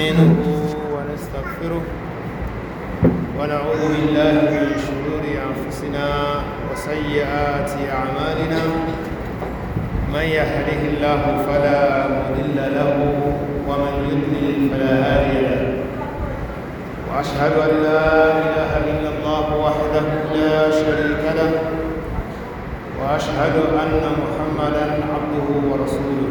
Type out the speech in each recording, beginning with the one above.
نستعينه ونستغفره ونعوذ بالله من شرور انفسنا وسيئات اعمالنا من يهده الله فلا مضل له ومن يضلل فلا هادي له واشهد ان لا اله الا الله وحده لا شريك له واشهد ان محمدا عبده ورسوله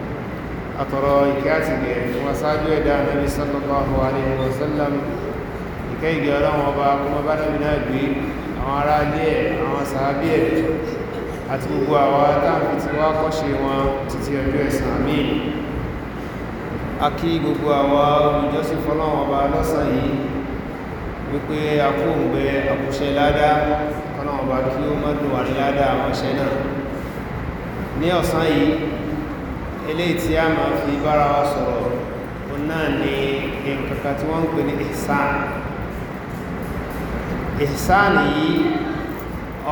àtọ̀rọ̀ ìkẹ́ àti gẹ̀ fún asájú ẹ̀dá anábi sallallahu alaihi wasallam ìkẹ́ ìgẹ̀ ọlọ́wọ́ ọba kúmọ bá nábi náà gbé àwọn ará ilé ẹ̀ àwọn sàábí ẹ̀ àti gbogbo àwọn táàmì tí wá kọ́ṣe wọn títí ọjọ́ ẹ̀sàn àmì akí gbogbo àwọn olùjọ́sí fọ́lọ́wọ́ ọba lọ́sàn yìí wípé akóǹgbẹ àkúṣe ládàá fọ́lọ́wọ́ ọba kí ó mọ́dún wà ní ládàá àwọn iṣẹ́ náà ní ọ̀sán yìí eléyìí tí a máa fi bára wa sọ̀rọ̀ òun náà ni nǹkan kan tí wọ́n ń pè ní ihsan ihsan yìí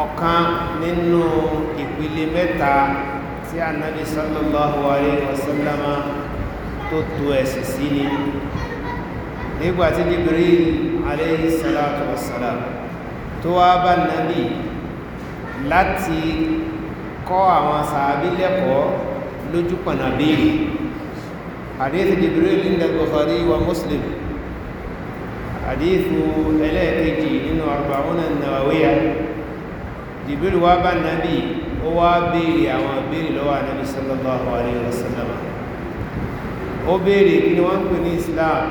ọ̀kan nínú ìpele mẹ́ta tí anabi sallallahu alayhi wa sallam tó tò ẹ̀sìn sí ni nígbà tí Jibril alayhi salatu wa salam tó wá bá nabi láti kọ́ àwọn sàábí lẹ́kọ̀ọ́ lójú pọ̀nà béèrè hadith jibril inda bukhari wa muslim hadith ẹlẹ́ẹ̀kejì nínú arba'una nawawiya jibril wá bá nabi ó wá béèrè àwọn béèrè lọ́wọ́ anabi sallallahu alayhi wa sallam ó béèrè kí ni wọ́n ń pè ní islam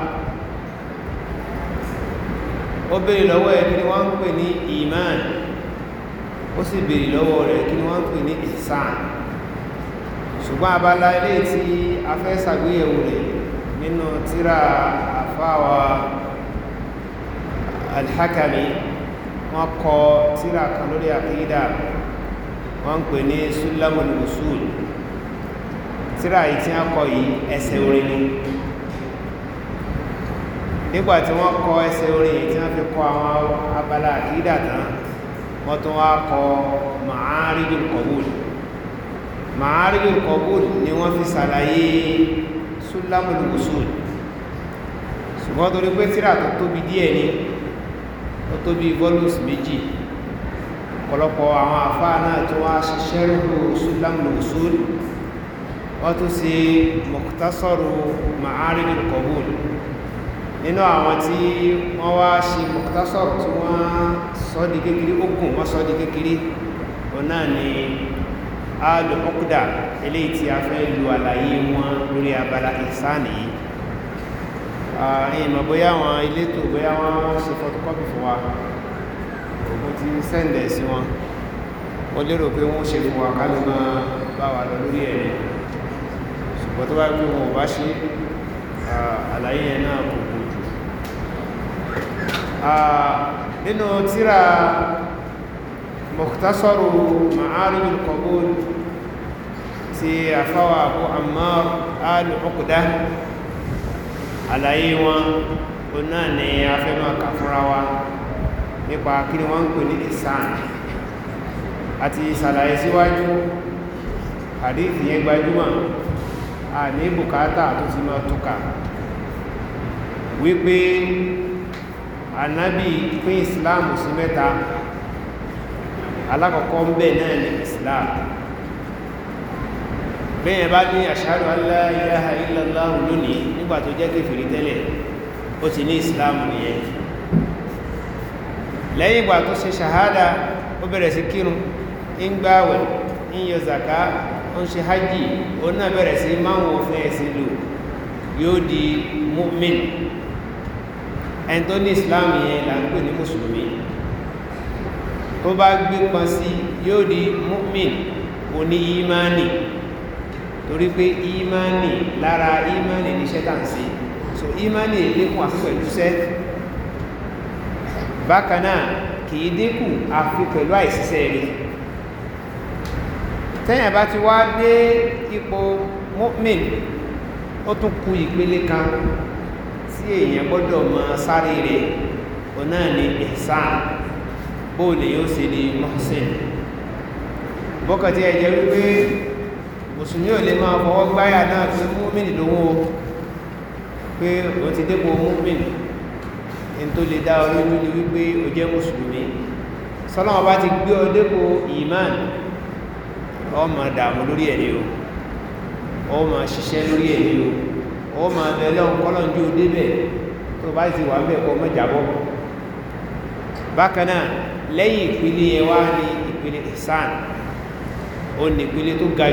ó béèrè lọ́wọ́ ẹ̀ kí ni wọ́n ṣùgbọ́n abala ilé tí a fẹ́ ṣàgbéyẹ̀wò rẹ̀ nínú tíra àfáwà alhakami wọ́n kọ tíra kan lórí àkídà wọ́n ń pè ní sulamul usul tíra yìí tí wọ́n kọ yìí ẹsẹ̀ orin ni nígbà wọ́n kọ ẹsẹ̀ orin yìí tí wọ́n fi kọ àwọn abala àkídà tán wọ́n tún wá kọ ma'arijul qabul ma'ariju qabul ni wọ́n fi ṣàlàyé sulamul usul ṣùgbọ́n torí pé tírà tó tóbi díẹ̀ ni ó tóbi volumes méjì ọ̀pọ̀lọpọ̀ àwọn àfáà náà tó wá ṣiṣẹ́ rúrú sulamul usul wọ́n tún ṣe mọ̀kútásọ̀rọ̀ ma'ariju qabul nínú àwọn tí wọ́n wá ṣe mọ̀kútásọ̀rọ̀ tí wọ́n sọ́ kékeré ó gùn wọ́n sọ́ kékeré òun ni alùpùpùdà eléyìí tí a fẹ́ lu àlàyé wọn lórí abala ìsáàní yìí ìmọ̀ bóyá wọn elétò bóyá wọn ṣe photocopy fún wa ògùn ti sẹ́ndẹ̀ sí wọn mo lérò pé wọ́n ṣe fún wa kálù máa bá wa lọ lórí ẹ̀ ṣùgbọ́n tó bá pé wọn ò bá ṣe àlàyé yẹn náà kò kò jù nínú tíra Mukhtasaru Ma'arijul Qabul tí àfáwà Abu Ammar al àlàyé wọn o náà ni a fẹ́ máa kà fúnra wa nípa kí ni wọ́n ń pè ní ìsàn àti ìsàlàyé síwájú àdíkì a ní bùkátà tó wípé anábì pín Islam sí mẹ́ta alákọ̀ọ́kọ́ ń bẹ̀ Islam bẹ́ẹ̀ bá ní ashhadu an la ilaha illallah lónìí nígbà tó jẹ́ kèfèrí tẹ́lẹ̀ ó ti ní ìsìláàmù nìyẹn lẹ́yìn ìgbà tó ṣe ṣàhádà ó bẹ̀rẹ̀ sí kírun ń gbààwẹ̀ ń yọ zaka ó ń ṣe hajj ó náà bẹ̀rẹ̀ sí máwọn òfin ẹ̀sìn lò yóò torí pé ìmánì lára ìmánì ní iṣẹ́ tàn sí so ìmánì lékún àfi pẹ̀lú iṣẹ́ bákan náà kìí dínkù àfi pẹ̀lú àìsíṣẹ́ rí tẹ́yìn bá ti wá dé ipò mu'min ó tún kù ìpele kan tí èèyàn gbọ́dọ̀ mọ sáré rẹ̀ ò náà ni ihsan bóòlù yóò ṣe ni muhsin bọ́kàtí ẹ̀jẹ̀ wípé mùsùlùmí ò lè máa fọwọ́ gbáyà náà pé múmìnì lòun o pé o ti dépò múmìnì ẹni tó lè dá orí ní ni wípé o jẹ́ mùsùlùmí sọ́lọ́wọ́ bá ti gbé ọ dépò ìmán ọ ma dààmú lórí ẹ̀ ni o ọ ma ṣiṣẹ́ lórí ẹ̀ ni o ọ ma bẹ̀rẹ̀ ọ̀kọ́lọ́njú débẹ̀ tó bá ti wà ń bẹ̀ kọ́ mẹ́jàbọ̀ bákan lẹ́yìn ìpele wá ní ìpele ìsàn ó ní ìpele tó ga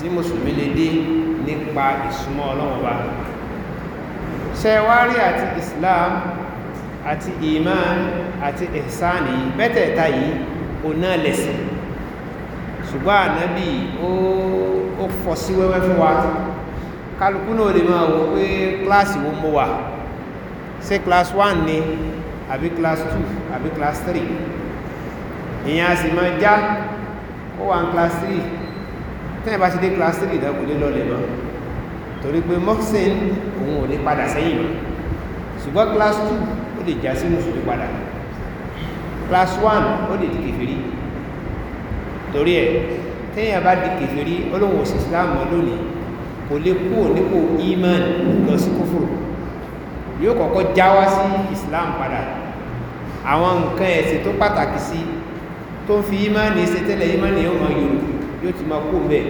tí mùsùlùmí lè dé nípa ìsúnmọ́ ọlọ́run bá ṣẹwárí àti islam àti iman àti ihsani mẹ́tẹ̀ẹ̀ta yìí ò náà lẹ̀sìn ṣùgbọ́n ànábì ó fọ́ sí wẹ́wẹ́ fún wa kálukú náà lè máa wò pé kíláàsì wo mo wà ṣé kíláàsì 1 ni àbí kíláàsì 2 àbí kíláàsì 3 ìyẹn a sì máa já ó wà ní kíláàsì 3 tẹ́yìn bá ti dé class 3 ìdánkù lé lọ́lẹ̀ mọ́ torí pé moxin òun ò lè padà sẹ́yìn mọ́ ṣùgbọ́n class 2 ó lè já sí mùsùlùmí padà class 1 ó lè di kèfèrí torí ẹ̀ tẹ́yìn bá di kèfèrí olóhùn òsì islam lónìí kò lè kúrò nípò iman lọ sí kófòrò yóò kọ́kọ́ jáwá sí islam padà àwọn nǹkan ẹ̀sìn tó pàtàkì sí tó ń fi iman ní ṣe tẹ́lẹ̀ iman ọmọ yorùbá yóò ti máa kó mbẹ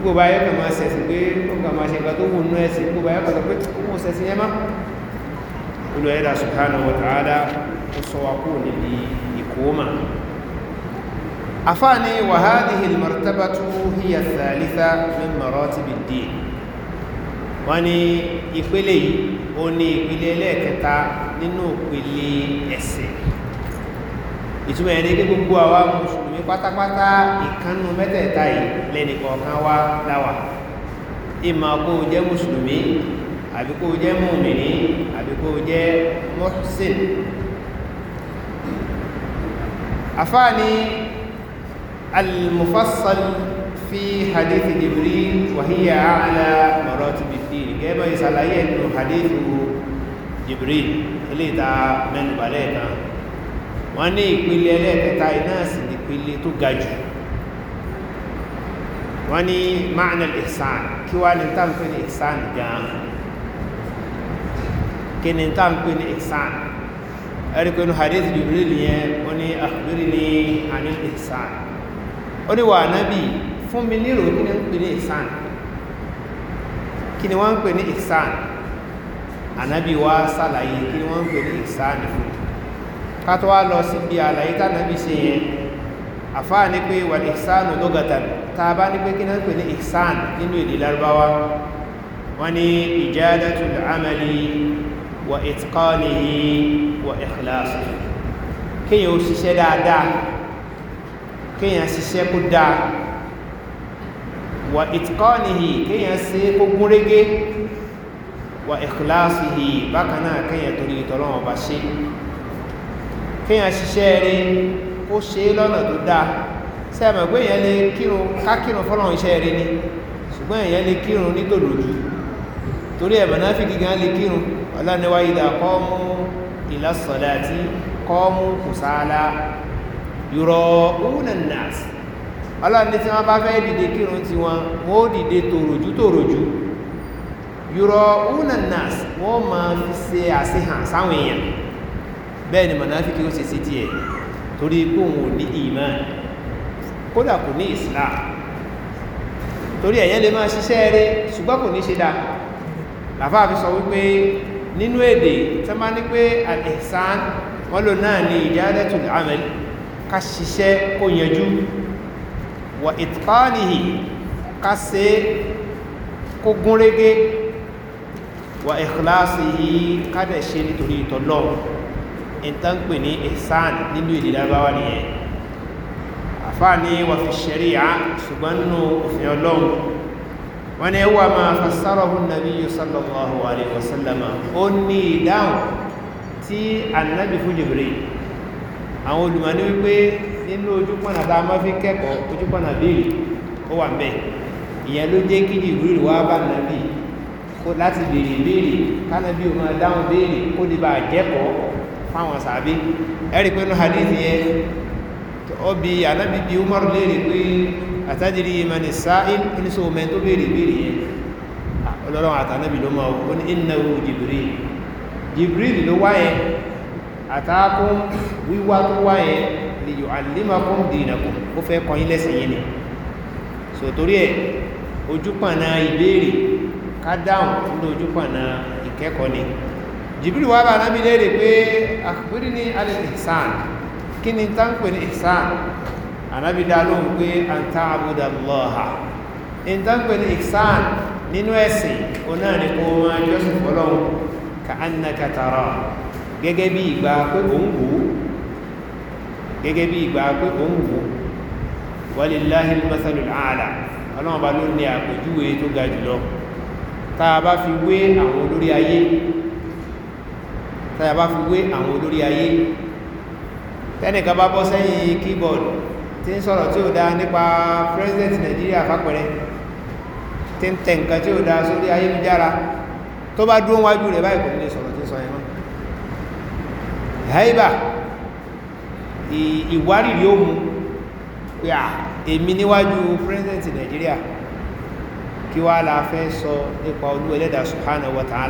gbogbo bá yẹ kàn máa sẹ̀sìn pé kàn máa ṣe nǹkan tó wù nú ẹ̀sìn gbogbo bá yẹ kàn sọ pé kó wọ́n sẹ̀sìn yẹn má olùwà ẹ̀dà subhanahu wa ta'ala ó sọ wa kó níbi ìkóma afáàní wa hadhihi al-martabatu hiya ath-thalitha min maratibi ad-din wọ́n ní ìpele yìí ó ní ìpele ẹlẹ́ẹ̀kẹta nínú ìpele ẹ̀sìn ìtumọ̀ ẹni pé gbogbo àwa mùsùlùmí pátápátá ìkànnù mẹ́tẹ̀ẹ̀ta yìí lẹ́nìkọ̀ọ̀kan wá láwà ìmọ̀ kó o jẹ́ mùsùlùmí àbí kó o jẹ́ mùmìnì àbí kó o jẹ́ muhsin àfáàní al-mufassal fi hadith jibril wa hiya a'la maratib ad-din gẹ́gẹ́ ìsàlàyé ẹnu hadith jibril ilé ìta mẹ́nubàlẹ́ kan wọ́n ní ìpele ẹlẹ́ẹ̀kẹta iná sì ní ìpele tó ga jù wọ́n ní ma'na al-ihsan kí wá ní táǹpé ní ihsan gan kí ní táǹpé ní ihsan ẹ̀rìkọ́ inú hadith Jibril yẹn wọ́n ní akhbirni anil ihsan ó ní wà nábì fún mi nírò kí ní pè ní ihsan kí ni wọ́n pè ní ihsan ànábì wá sàlàyé kí ni wọ́n pè ní ihsan fún ká tó wá lọ síbi àlàyé tánàbí ṣe yẹn àfáà ní pé wà ní ìsánù lọ́gàtàn tá a bá ní pé kí náà pè ní ìsán nínú èdè lárúbáwá wọ́n ní ijadatul amali wa itqanihi wa ikhlasi wa ikhlasihi bákan náà kéèyàn torí ìtọ́lọ́wọ̀n bá ṣe kíyàn ṣiṣẹ́ rí ó ṣe lọ́nà tó dáa sẹ́mọ̀ pé èyàn lè kírun kákírun fọ́lọ̀n iṣẹ́ rí ni ṣùgbọ́n èyàn lè kírun ní torí ẹ̀mọ̀ náà fi gígan lè kírun ọlọ́niwá ìdá kọ́mú àti kọ́mú kùsàálà yúrọ̀ unanas wọ́n ti fi ṣe bẹ́ẹ̀ ni mọ̀náfíkì ó ṣe sí tiẹ̀ torí pé òun ò ní ìmán kódà kò ní islam torí ẹ̀yẹn lè máa ṣiṣẹ́ rẹ̀ ṣùgbọ́n kò ní ṣe dáa làfáà fi sọ wípé nínú èdè tí wọ́n ní pé al wọ́n lò náà ní ijadatul amal ká ṣiṣẹ́ kó yanjú wa itqanihi ká ṣe kó gúnrégé wa ikhlasihi ká dẹ̀ ṣe nítorí ìtọ́lọ́run ìtàn pè ní ihsan nínú èdè lábáwá nìyẹn àfáà ní wà fi ṣẹ̀ríà ṣùgbọ́n nínú òfin ọlọ́run wọ́n ní wà máa fassarahu nabiyyu sallallahu alaihi wasallam ó ní ìdáhùn tí annabi fún Jibril àwọn olùmọ̀ ní wípé nínú ojúpọ̀nà tá a máa fi kẹ́kọ̀ọ́ ojúpọ̀nà bíi ó wà mẹ́ ìyẹn ló jẹ́ kí Jibril wá láti béèrè béèrè kánábí ó máa dáhùn béèrè kó lè bá jẹ́kọ̀ọ́ fáwọn sàábí ẹ̀rí pé ní hadith yẹn ọbi anábì bí Umar léèrè pé àtàdìrí mani sáìl oníṣòwòmẹ́ tó béèrè béèrè yẹn ah, ọlọ́rọ̀ àtànábì ló máa wọ́n innahu Jibril Jibril ló wáyẹ àtàkùn wíwá tó wáyẹ li yu'allimakum dinakum ó fẹ́ kọyín lẹ́sìn yìí ni jìbìrì wà bá nábi léèrè pé àkùbírí ní alẹ́ ihsan kí ni tá ń pè ní ihsan ànábi dá lóhùn pé an ta'buda Allaha in tá ń pè ní ihsan nínú ẹ̀sìn onáà ní kó máa jọ́sìn fọlọ́hun ka annaka tara gẹ́gẹ́ bí ìgbà pé òun wò gẹ́gẹ́ bí ìgbà pé òun wò walillahi al a'la ọlọ́run bá ló ní àpèjúwe tó ga jùlọ tá a fi wé àwọn olórí ayé tàyà bá fi wé àwọn olórí ayé tẹ́nìkan bá bọ́ sẹ́yìn keyboard tí ń sọ̀rọ̀ tí ó dáa nípa president Nigeria fápẹ̀rẹ́ tí ń tẹ̀ nǹkan tí ó dáa sórí ayélujára tó bá dúró wájú rẹ̀ báyìí kò ní sọ̀rọ̀ tí ń sọ yẹn mọ́ Nigeria kí wàá la fẹ́ sọ nípa olú ẹlẹ́dàá subhanahu wa tó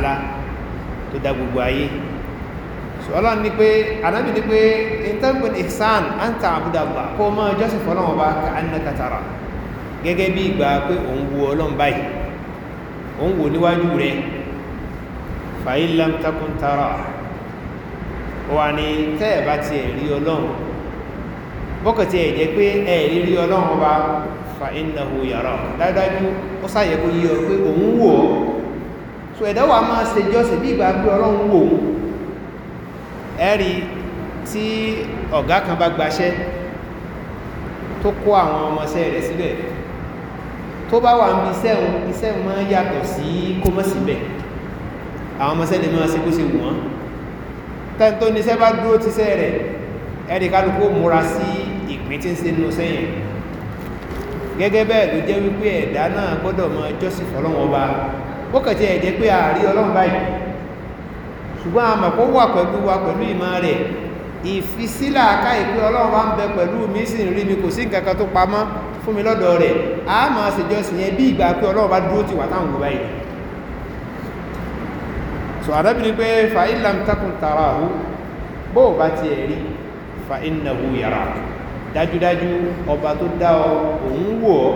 dá gbogbo ayé ọlọ́run ní pé anábì ní pé intanpin ihsan an ta abudallah kó mọ́ jọ́sìn fọlọ́run ọba ka annaka tara gẹ́gẹ́ bí ìgbà pé òun wo ọlọ́run báyìí òun wò níwájú rẹ̀ fa in lam takun tara wà ní tẹ́ẹ̀ bá ti rí ọlọ́run bọ́kàtí ẹ̀ jẹ́ pé ẹ̀ rí ọlọ́run ọba fa innahu dáadájú ó sáyẹ̀ kó pé òun wò ó so ẹ̀dá máa ṣe jọ́sìn bí ìgbà pé ọlọ́run wò ó ẹ̀rí tí ọ̀gá kan bá gbaṣẹ́ tó kó àwọn ọmọọṣẹ́ rẹ̀ síbẹ̀ tó bá wà ń bi iṣẹ́hun iṣẹ́hun máa ń yàtọ̀ sí kó mọ̀ síbẹ̀ àwọn ọmọọṣẹ́ lè máa ṣe bó ṣe wù wọ́n tẹ́ni tó níṣẹ́ bá dúró tíṣẹ́ rẹ̀ ẹ̀rí kálukú múra sí ìpín tí ń ṣe nínú sẹ́yìn gẹ́gẹ́ bẹ́ẹ̀ ló jẹ́ wípé ẹ̀dá náà gbọ́dọ̀ máa jọ́sìn fọlọ́wọ́n ọba ó kàn ti pé àárí ọlọ́run báyìí ṣùgbọ́n a mọ̀ kó wà pẹ̀lú wa pẹ̀lú ìmọ̀ rẹ̀ ìfisílà ká ìpé ọlọ́run wá ń bẹ pẹ̀lú mi sì ń rí mi kò sí nǹkan kan tó pamọ́ fún mi lọ́dọ̀ rẹ̀ a máa ṣèjọsìn yẹn bí ìgbà pé ọlọ́run bá dúró ti wà táwọn gbogbo so àdábìnrin pé fa ilam takun tara hu bó o bá ti ẹ̀ rí fa innahu yara dájúdájú ọba tó dá ọ òun wò ọ́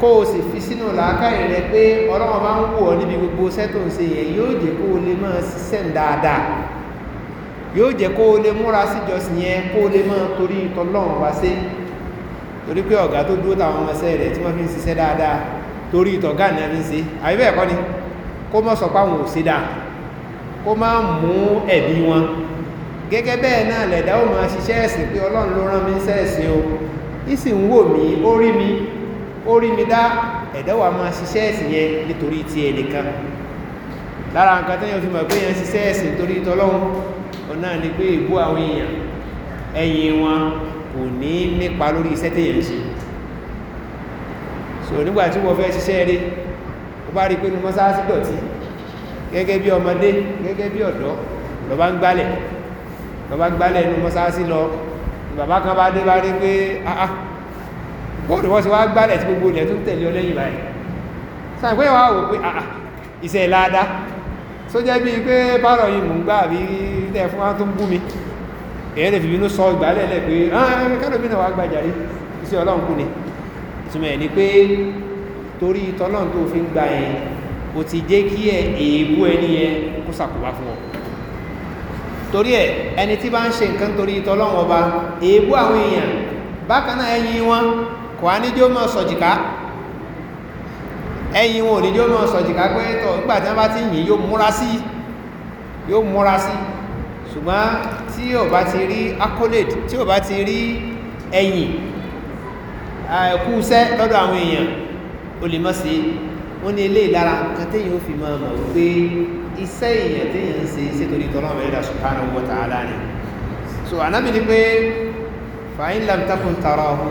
kó o sì fi sínú làákàyè rẹ pé ọlọ́run bá ń wò ọ níbi gbogbo iṣẹ́ tó ń ṣe yẹn yóò jẹ́ kó o lè máa ṣiṣẹ́ dáadáa yóò jẹ́ kó o lè múra síjọsìn yẹn kó o lè máa torí wá sí torí pé ọ̀gá tó dúró táwọn ọmọ ẹsẹ̀ tí wọ́n fi ń ṣiṣẹ́ dáadáa torí fi ṣe àbí bẹ́ẹ̀ ni kó mọ̀ sọ pé wọn gẹ́gẹ́ bẹ́ẹ̀ náà lẹ̀dá máa ṣiṣẹ́ ẹ̀sìn pé ó rí mi dá ẹ̀dá wa máa ṣiṣẹ́ ẹ̀sìn yẹn nítorí ti ẹnìkan lára nǹkan tẹ́yìn òfin mọ̀ pé yẹn ṣiṣẹ́ ẹ̀sìn nítorí tọlọ́hun ọ̀nà ni pé ìbú àwọn èèyàn ẹ̀yìn wọn kò ní nípa lórí iṣẹ́ tẹ́yìn ṣe so nígbà tí wọ́n fẹ́ ṣiṣẹ́ rí ó bá rí pé ní mọ́sáàsì dọ̀tí gẹ́gẹ́ bí ọmọdé gẹ́gẹ́ bí ọ̀dọ́ lọ bá ń gbálẹ̀ lọ bá ń gbálẹ̀ ní mọ́sáàsì lọ bàbá kan bá dé bá rí pé ah bóòdù wọ́n sì wá gbálẹ̀ tí gbogbo ilẹ̀ tó ń tẹ̀lé ọlẹ́yìn báyìí sáà pé wàá wò pé ah, ah, iṣẹ́ láadá tó jẹ́ bíi pé bárọ̀ yìí mò ń gbà bí tẹ́ fún wa tó ń bú mi èyàn lè fi bínú sọ ìgbàlẹ̀ lẹ̀ pé ah, kálómìnà wàá gbàjàre iṣẹ́ ọlọ́run kù ni ìtumọ̀ ẹ̀ ni pé torí tọ́lọ́run tó fi ń gba yẹn kò ti jẹ́ kí ẹ èébú ẹni yẹn kó sàkóbá fún ọ torí ẹ ẹni tí bá ń ṣe nǹkan torí tọ́lọ́run ọba èébú àwọn èèyàn bákan náà ẹyin wọn kò á níjó mọ́ sọ̀jìká ẹ̀yìn wọn ò níjó mọ́ sọ̀jìká pé tọ̀ nígbà tí wọ́n bá ti yìn yóò múra sí yóò múra sí ṣùgbọ́n tí ò bá ti rí accolade tí ò bá ti rí ẹ̀yìn ẹ̀kú iṣẹ́ lọ́dọ̀ àwọn èèyàn o lè mọ́ sí wọ́n ní ilé ìlara nǹkan téèyàn ó fi máa mọ̀ wípé iṣẹ́ èèyàn téèyàn ń ṣe iṣẹ́ torí tọ́lọ́ àwọn ẹ̀dá subhanahu wa ta'ala ni so anábì ni pé fa'in lam takun tarahu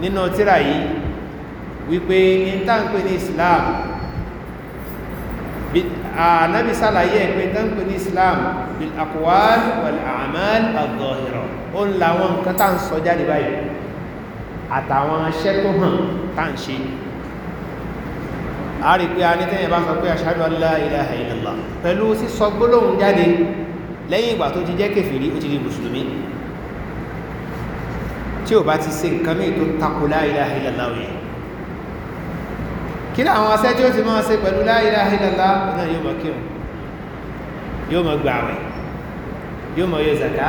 nínú tíra yìí wípé ìtànkù ní Islam ànábì sàlàyé pé ìtànkù ní Islam bil aqwal wal a'mal adh-dhahira ó ń la wọn nǹkan tá ń sọ jáde báyìí àtàwọn aṣẹ́ tó hàn tá ń ṣe a rí pé a ní tẹ́yìn bá sọ pé ashhadu an la ilaha illallah pẹ̀lú gbólóhùn jáde lẹ́yìn ìgbà tó ti jẹ́ kèfèrí ó ti di mùsùlùmí tí ò bá ti ṣe nǹkan míì tó tako la ilaha illallah yẹn kí láwọn asẹ́ tí ó ti máa ṣe pẹ̀lú la ilaha illallah náà yóò mọ̀ kírun yóò mọ̀ gbààwẹ̀ yóò mọ̀ yọ zaka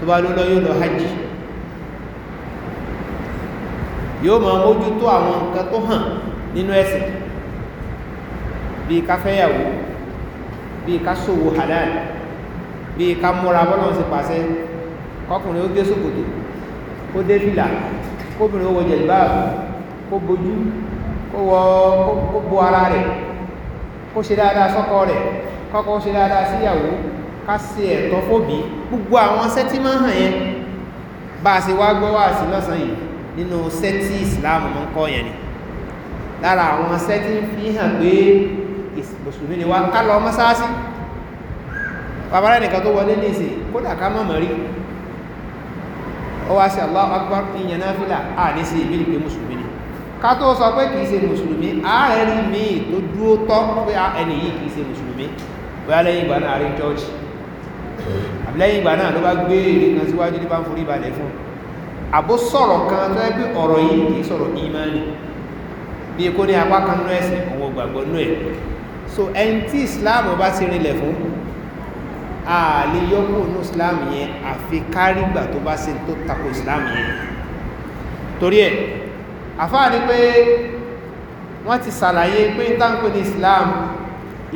tó bá ló lọ yóò lọ hajj yóò mọ̀ mójútó àwọn nǹkan tó hàn nínú ẹ̀sìn bíi ká fẹ́yàwó bíi ká ṣòwò halal bíi ká múra bọ́lọ́run ṣe pàṣẹ kọkùnrin ó gé ṣòkòtò kó dé fìlà kóbìnrin ó wọ jẹ̀lbáàbù kó bojú kó wọ kó bo ara rẹ̀ kó ṣe dáadáa sọ́kọ rẹ̀ kọ́kọ́ ṣe dáadáa síyàwó ká ṣe ẹ̀tọ́ fóbi gbogbo àwọn sẹ́tí máa hàn yẹn bá a ṣe wá gbọ́ wá sí lọ́sàn yìí nínú sẹ́tí ìsìláàmù mọ́ ń kọ́ yẹn ni lára àwọn sẹ́tí fi hàn pé mùsùlùmí ni wá ká lọ mọ́sáàsì bàbá rẹ̀ nìkan tó wọlé ní ìsìn kódà ká mọ̀mọ́ rí ó wá sí Allahu Akbar ìyẹn náà fílà à ní sí ìbílì pé mùsùlùmí ni ká tó sọ pé kìí ṣe mùsùlùmí ààrẹ rí míì tó dúró tọ́ pé ẹni yìí kìí ṣe mùsùlùmí bóyá lẹ́yìn ìgbà náà rí chọ́ọ̀chì àbílẹ́yìn ìgbà náà ló bá gbé èrè kan síwájú ní bá ń forí balẹ̀ fún àbó sọ̀rọ̀ kan tó ẹgbẹ́ ọ̀rọ̀ yìí kìí sọ̀rọ̀ ìmánì bí kò ní apá kan nú ẹ̀sìn òun ò nú ẹ̀ so ẹni tí ìsìláàmù bá ti rinlẹ̀ fún a lè yọ́kùn ní islam yẹn àfi kárígbà tó bá ṣe tó tako islam yẹn torí ẹ̀ àfáà ní pé wọ́n ti sàlàyé pé tánkù ní islam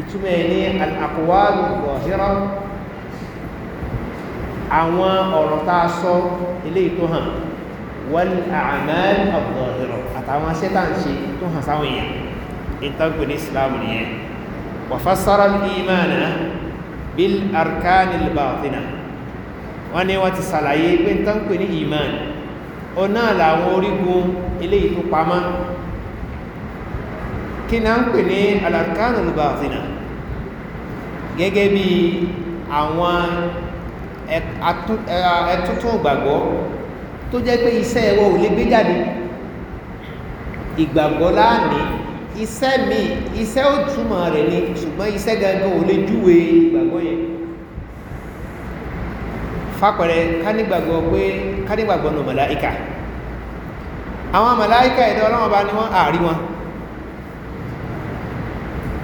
ìtumẹ̀ ní al-aqwalu zahira àwọn ọ̀rọ̀ tá a sọ eléyìí tó hàn wal a'mal al àtàwọn sẹ́tàǹṣe tó hàn sáwọn èèyàn ìtànkù ní islam nìyẹn wa fassara al-imana bil arkanil batina wọ́n ní wọ́n ti sàlàyé pé tán pè ní iman o náà làwọn orígun ilé ìtúpamọ́ kí náà ń pè ní al arkanil batina gẹ́gẹ́ bí àwọn ẹtútún ìgbàgbọ́ tó jẹ́ pé iṣẹ́ ẹwọ́ ò lè gbé ìgbàgbọ́ láàrin iṣẹ́ mi iṣẹ́ ò túmọ̀ rẹ̀ ni ṣùgbọ́n iṣẹ́ gangan ò lè júwe ìgbàgbọ́ yẹn fapẹ̀rẹ̀ kánígbàgbọ́ pé kánígbàgbọ́ nù màláìkà àwọn màláìkà ẹ̀dọ́ ọlọ́wọ́n bá ní wọ́n àárí wọn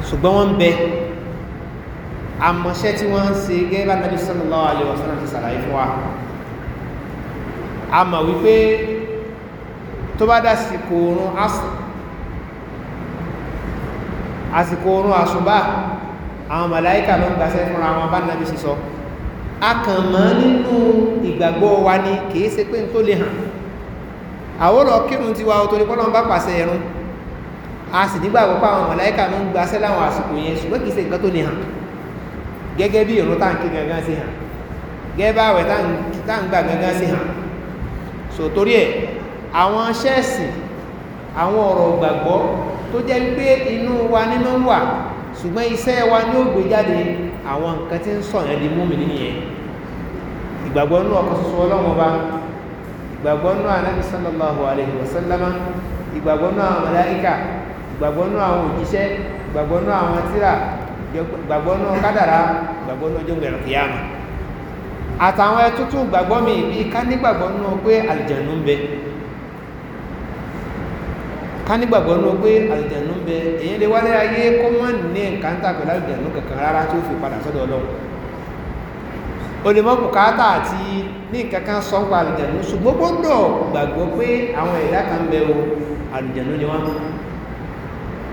ṣùgbọ́n wọ́n ń bẹ àmọ́ṣẹ́ tí wọ́n ń ṣe gẹ́gẹ́ bá nàbí sallallahu alaihi wasallam ti ṣàlàyé fún wa a mọ̀ wípé tó bá dá sí kòòrùn àsìkò oorun àsùnbà àwọn màláíkà ló ń gbàṣẹ́ fúnra wọn bá sísọ a kàn mọ́ nínú ìgbàgbọ́ wa ni kìí ṣe pé n tó lè hàn àwòrán kírun tiwa o torí pọ́nlọ́n bá pàṣẹ ẹ̀rún a sì nígbàgbọ́ pé àwọn màláíkà ló ń gbàṣẹ́ láwọn àsìkò yẹn ṣùgbọ́n kìí ṣe nǹkan tó lè hàn gẹ́gẹ́ bí ìrún táǹkì gangan sí hàn gẹ́gẹ́ bá àwẹ̀ tó jẹ́ wípé inú wa nínú wà ṣùgbọ́n iṣẹ́ wa ni ó gbé jáde àwọn nǹkan tí ń sọ̀yàn di mùmínì nìyẹn ìgbàgbọ́ nínú ọkọ̀ ṣoṣo ọlọ́run ọba ìgbàgbọ́ nínú ànábì sallallahu alayhi wa sallama ìgbàgbọ́ nínú àwọn màláíkà ìgbàgbọ́ nínú àwọn òjíṣẹ́ ìgbàgbọ́ nínú àwọn tírà ìgbàgbọ́ nínú kádàrá ìgbàgbọ́ nínú ọjọ́ ìgbẹ̀rún kìyàmù àtàwọn ẹtútù ìgbàgbọ́ mi bí ká nígbàgbọ́ nínú pé àlìjànnú ń bẹ ká nígbàgbọ́ nú pé àlùjànnú ń bẹ èyí lè wálé ayé kó mọ́ ní ẹ̀ǹkáńtà pẹ̀lú àlùjànnú kankan rárá tí ó fi padà sọ́dọ̀ ọlọ́run o lè mọ bùkátà àti ní kankan sọ pa àlùjànnú ṣùgbọ́n gbọ́dọ̀ gbàgbọ́ pé àwọn ẹ̀dá kan bẹ o àlùjànnú ni wọ́n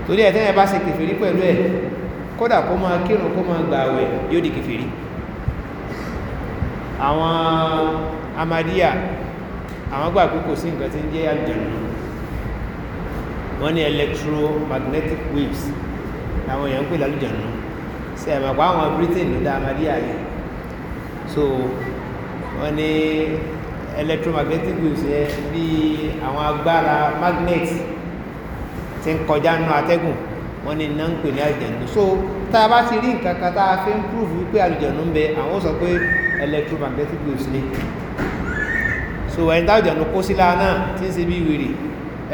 torí ẹ̀ tẹ́yẹ bá ṣe kèfèrí pẹ̀lú ẹ̀ kódà kó máa kírun kó máa gbààwẹ̀ yóò di kèfèrí àwọn amadíyà àwọn gbà kò sí nǹkan tí ń jẹ́ àlùjànnú wọ́n ní electromagnetic waves àwọn èèyàn ń pè lálùjọ̀nù ṣe ẹ̀mọ̀ pa àwọn Britain ló dá amadíyà yìí so wọ́n ní electromagnetic waves yẹ bí àwọn agbára magnet ti ń kọjá nù atẹ́gùn wọ́n ní iná ń pè ní àlùjọ̀nù so tá a bá ti rí nǹkan kan tá a fi ń prove wípé àlùjọ̀nù ń bẹ àwọn sọ pé electromagnetic waves ni so ẹni tá àlùjọ̀nù kó sílá náà tí ń ṣe bí wèrè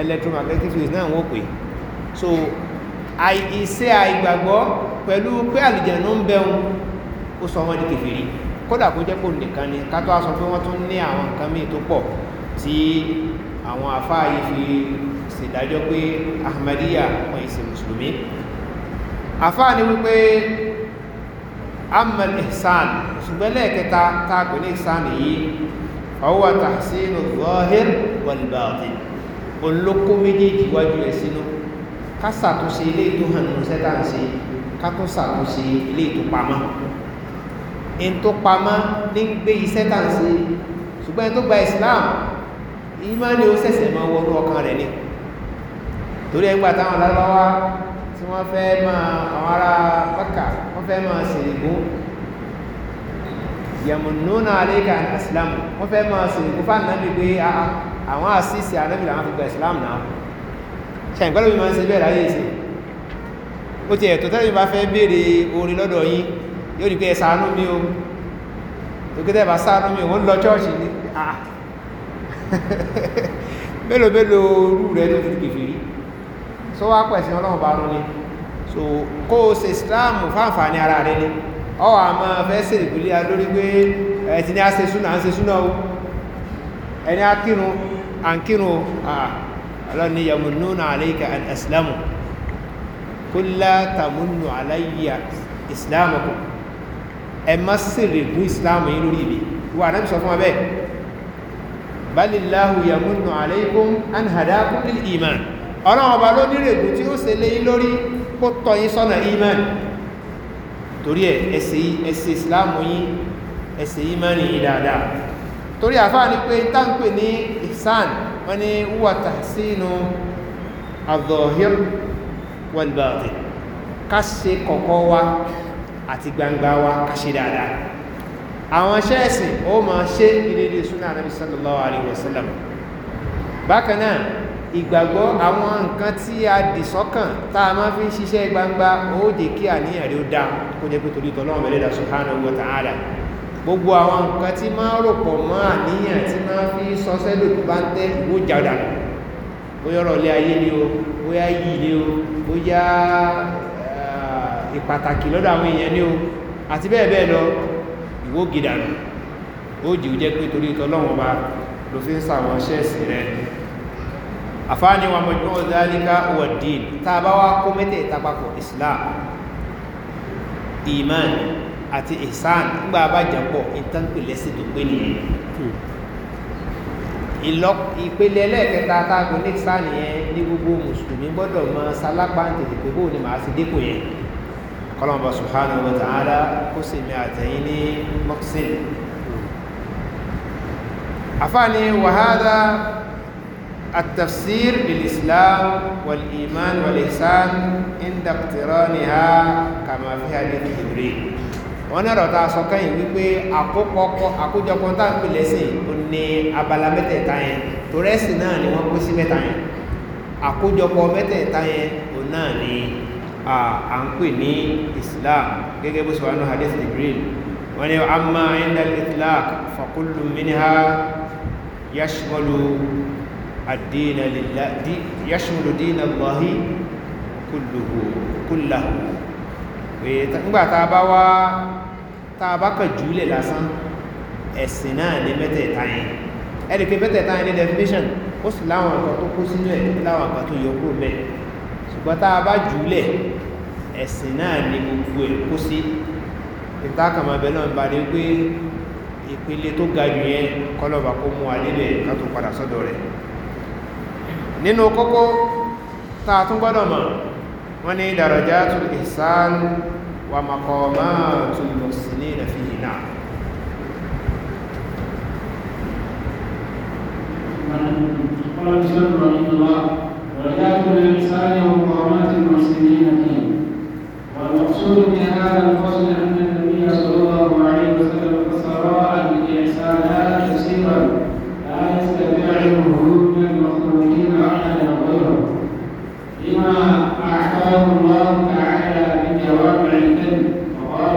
electromagnetic waves náà wọ́n pè so iṣẹ́ àìgbàgbọ́ pẹ̀lú pé àlùjànnú ń bẹ̀rùn ó sọ wọ́n di kèfèrí kódà kó jẹ́ pò nìkan ni ká tó a sọ pé wọ́n tún ní àwọn nǹkan míì tó pọ̀ tí àwọn àfáà yìí fi ṣèdájọ́ pé ahmadiyya wọ́n yìí mùsùlùmí àfáà ni wípé amal ihsan ṣùgbọ́n lẹ́ẹ̀kẹta tá ní ihsan yìí huwa tahsinu zahir wal olóko méjèèjì wájú ẹ̀ sínú ká ṣàtúnṣe ilé tó hàn nínú sẹ́tà ń ṣe ká tún ṣàtúnṣe ilé tó pamọ́ ẹni tó pamọ́ ní ń gbé iṣẹ́ tà ń ṣe ṣùgbọ́n ẹni tó gba Islam ìmánì ó ṣẹ̀ṣẹ̀ máa wọnú ọkàn rẹ̀ ni torí ẹgbà táwọn lọ́lọ́wọ́ tí wọ́n fẹ́ máa àwọn ará Mẹ́kà wọ́n fẹ́ máa ṣèlú yàmùnúnà àlékà Islam wọ́n fẹ́ máa ṣèlú fáànà bíi pé àwọn àṣìṣe ànábì làwọn fi gba islam náà ṣàǹgbọ́n lómi máa ń ṣe bẹ́ẹ̀ láyé ìsìn ó ti ẹ̀tọ́ tẹ́lẹ̀ bá fẹ́ béèrè orin lọ́dọ̀ yín yóò rí pé ẹ ṣàánú mi o tòkítẹ́ bá ṣàánú mi òun lọ chọ́ọ̀ṣì ni ah. mélòó mélòó rú rẹ ló fi kìfì rí sọ wá pẹ̀sìn ọlọ́run bá rún ni so kó o ṣe islam fáǹfààní ara rẹ ni ọwọ́ àmọ́ fẹ́ ṣe ìpìlẹ̀ lórí pé ẹ̀sìn ni a ṣe súnà a ṣe súnà o ẹni a kírun àǹkírun ọlọ́ni yamununa alayka an aslamu kulla tamunnu alayya islamakum ẹ má sèrè fún islam yìí lórí ibi wà náà sọ fún abẹ́ balillahu yamunnu alaykum an hadakum lil iman ọlọ́run ọba ló nírègùn tí ó ṣe léyìn lórí kó tọ́ sọ́nà iman torí ẹ̀ ẹ̀sẹ̀ ìsìláàmù yín ẹ̀sẹ̀ ìmánì yín dáadáa torí àfáà ní pé táǹpè ní ihsan wọ́n ní wúwà tahsinu adh-dhahir wal-batin ká ṣe kọ̀kọ́ wa àti gbangba wa ká ṣe dáadáa àwọn ṣẹ́ẹ̀sì ó ma ṣe ìdédé súnà Ànábì sallallahu alaihi wasallam bákan náà ìgbàgbọ́ àwọn nǹkan tí a dì sọ́kàn tá a gbogbo àwọn nǹkan tí máa rò pọ̀ mọ́ àníyàn tí máa fi sọ́sẹ́ lòdù bá ń tẹ́ ìwó jàdà nù bóyá ọ̀rọ̀ ilé ayé ni o bóyá yìí ni o bóyá eh, ìpàtàkì lọ́dọ̀ àwọn èèyàn ni o àti bẹ́ẹ̀ bẹ́ẹ̀ lọ ìwó gidà nù ó jì ó jẹ́ pé torí ìtọ́ lọ́wọ́n ba ló fi ń sàwọn ṣẹ́ẹ̀sì rẹ àfáàní wa mọ̀jú ọ̀dálíkà wọ̀dín tá a bá wá kó mẹ́tẹ̀ẹ̀ta papọ̀ Islam iman àti ihsan nígbà abájẹpọ̀ ìtànpè lẹ́sìn tó pé nìyẹn ìpele ẹlẹ́ẹ̀kẹta táàgùn ní ihsan yẹn ní gbogbo mùsùlùmí gbọ́dọ̀ mọ sálápá ń tètè pé bóun ni màá ti dépò yẹn kọlọmọba subhanahu wa ta'ala kó sì mi àtẹ̀yìn ní mọ́kísìn àfáàní wàhálà التفسير بالإسلام والإيمان والإحسان عند اقترانها كما في حديث جبريل wọ́n ní ọ̀rọ̀ tá a sọ kẹ́yìn wípé àkójọpọ̀ tá ń pè lẹ́sìn ò ní abala mẹ́tẹ̀ẹ̀ta yẹn torẹ́sì náà ni wọ́n kó sí mẹ́ta yẹn àkójọpọ̀ mẹ́tẹ̀ẹ̀ta yẹn ò náà ni à ń pè ní Islam gẹ́gẹ́ bó ṣe wà ní hadith Jibril wọ́n ní amma inda al-itlaq fa bá wá tá a bá kàn jùlẹ̀ lásán ẹ̀sìn náà ní mẹ́tẹ̀ẹ̀ta yẹn ẹ̀rìkẹ́ mẹ́tẹ̀ẹ̀ta yẹn ní definition ó sì láwọn nǹkan tó kó sínú ẹ̀ láwọn nǹkan tó yọ kúrò bẹ́ẹ̀ ṣùgbọ́n tá a bá jùlẹ̀ ẹ̀sìn náà ní gbogbo ẹ̀ kó sí ìtàkàmọ́ abẹ náà bá dé pé ìpele tó ga jù yẹn kọlọ́ba kó mú alébẹ̀ ká padà sọ́dọ̀ rẹ̀ nínú kókó tá mọ̀ wọ́n ní darajatu ihsan ومقامات maqamatul فيه نعم na'am قال الإسلام رحمه الله وليكن الإنسان ومقامات المحسنين فيه والمقصود هذا الفصل أن النبي صلى الله عليه وسلم فسراء الإحسانات كثيرا لا يستطيع الهروب من المخلوقين أحدا غيره لما أعطاه الله تعالى من جوامع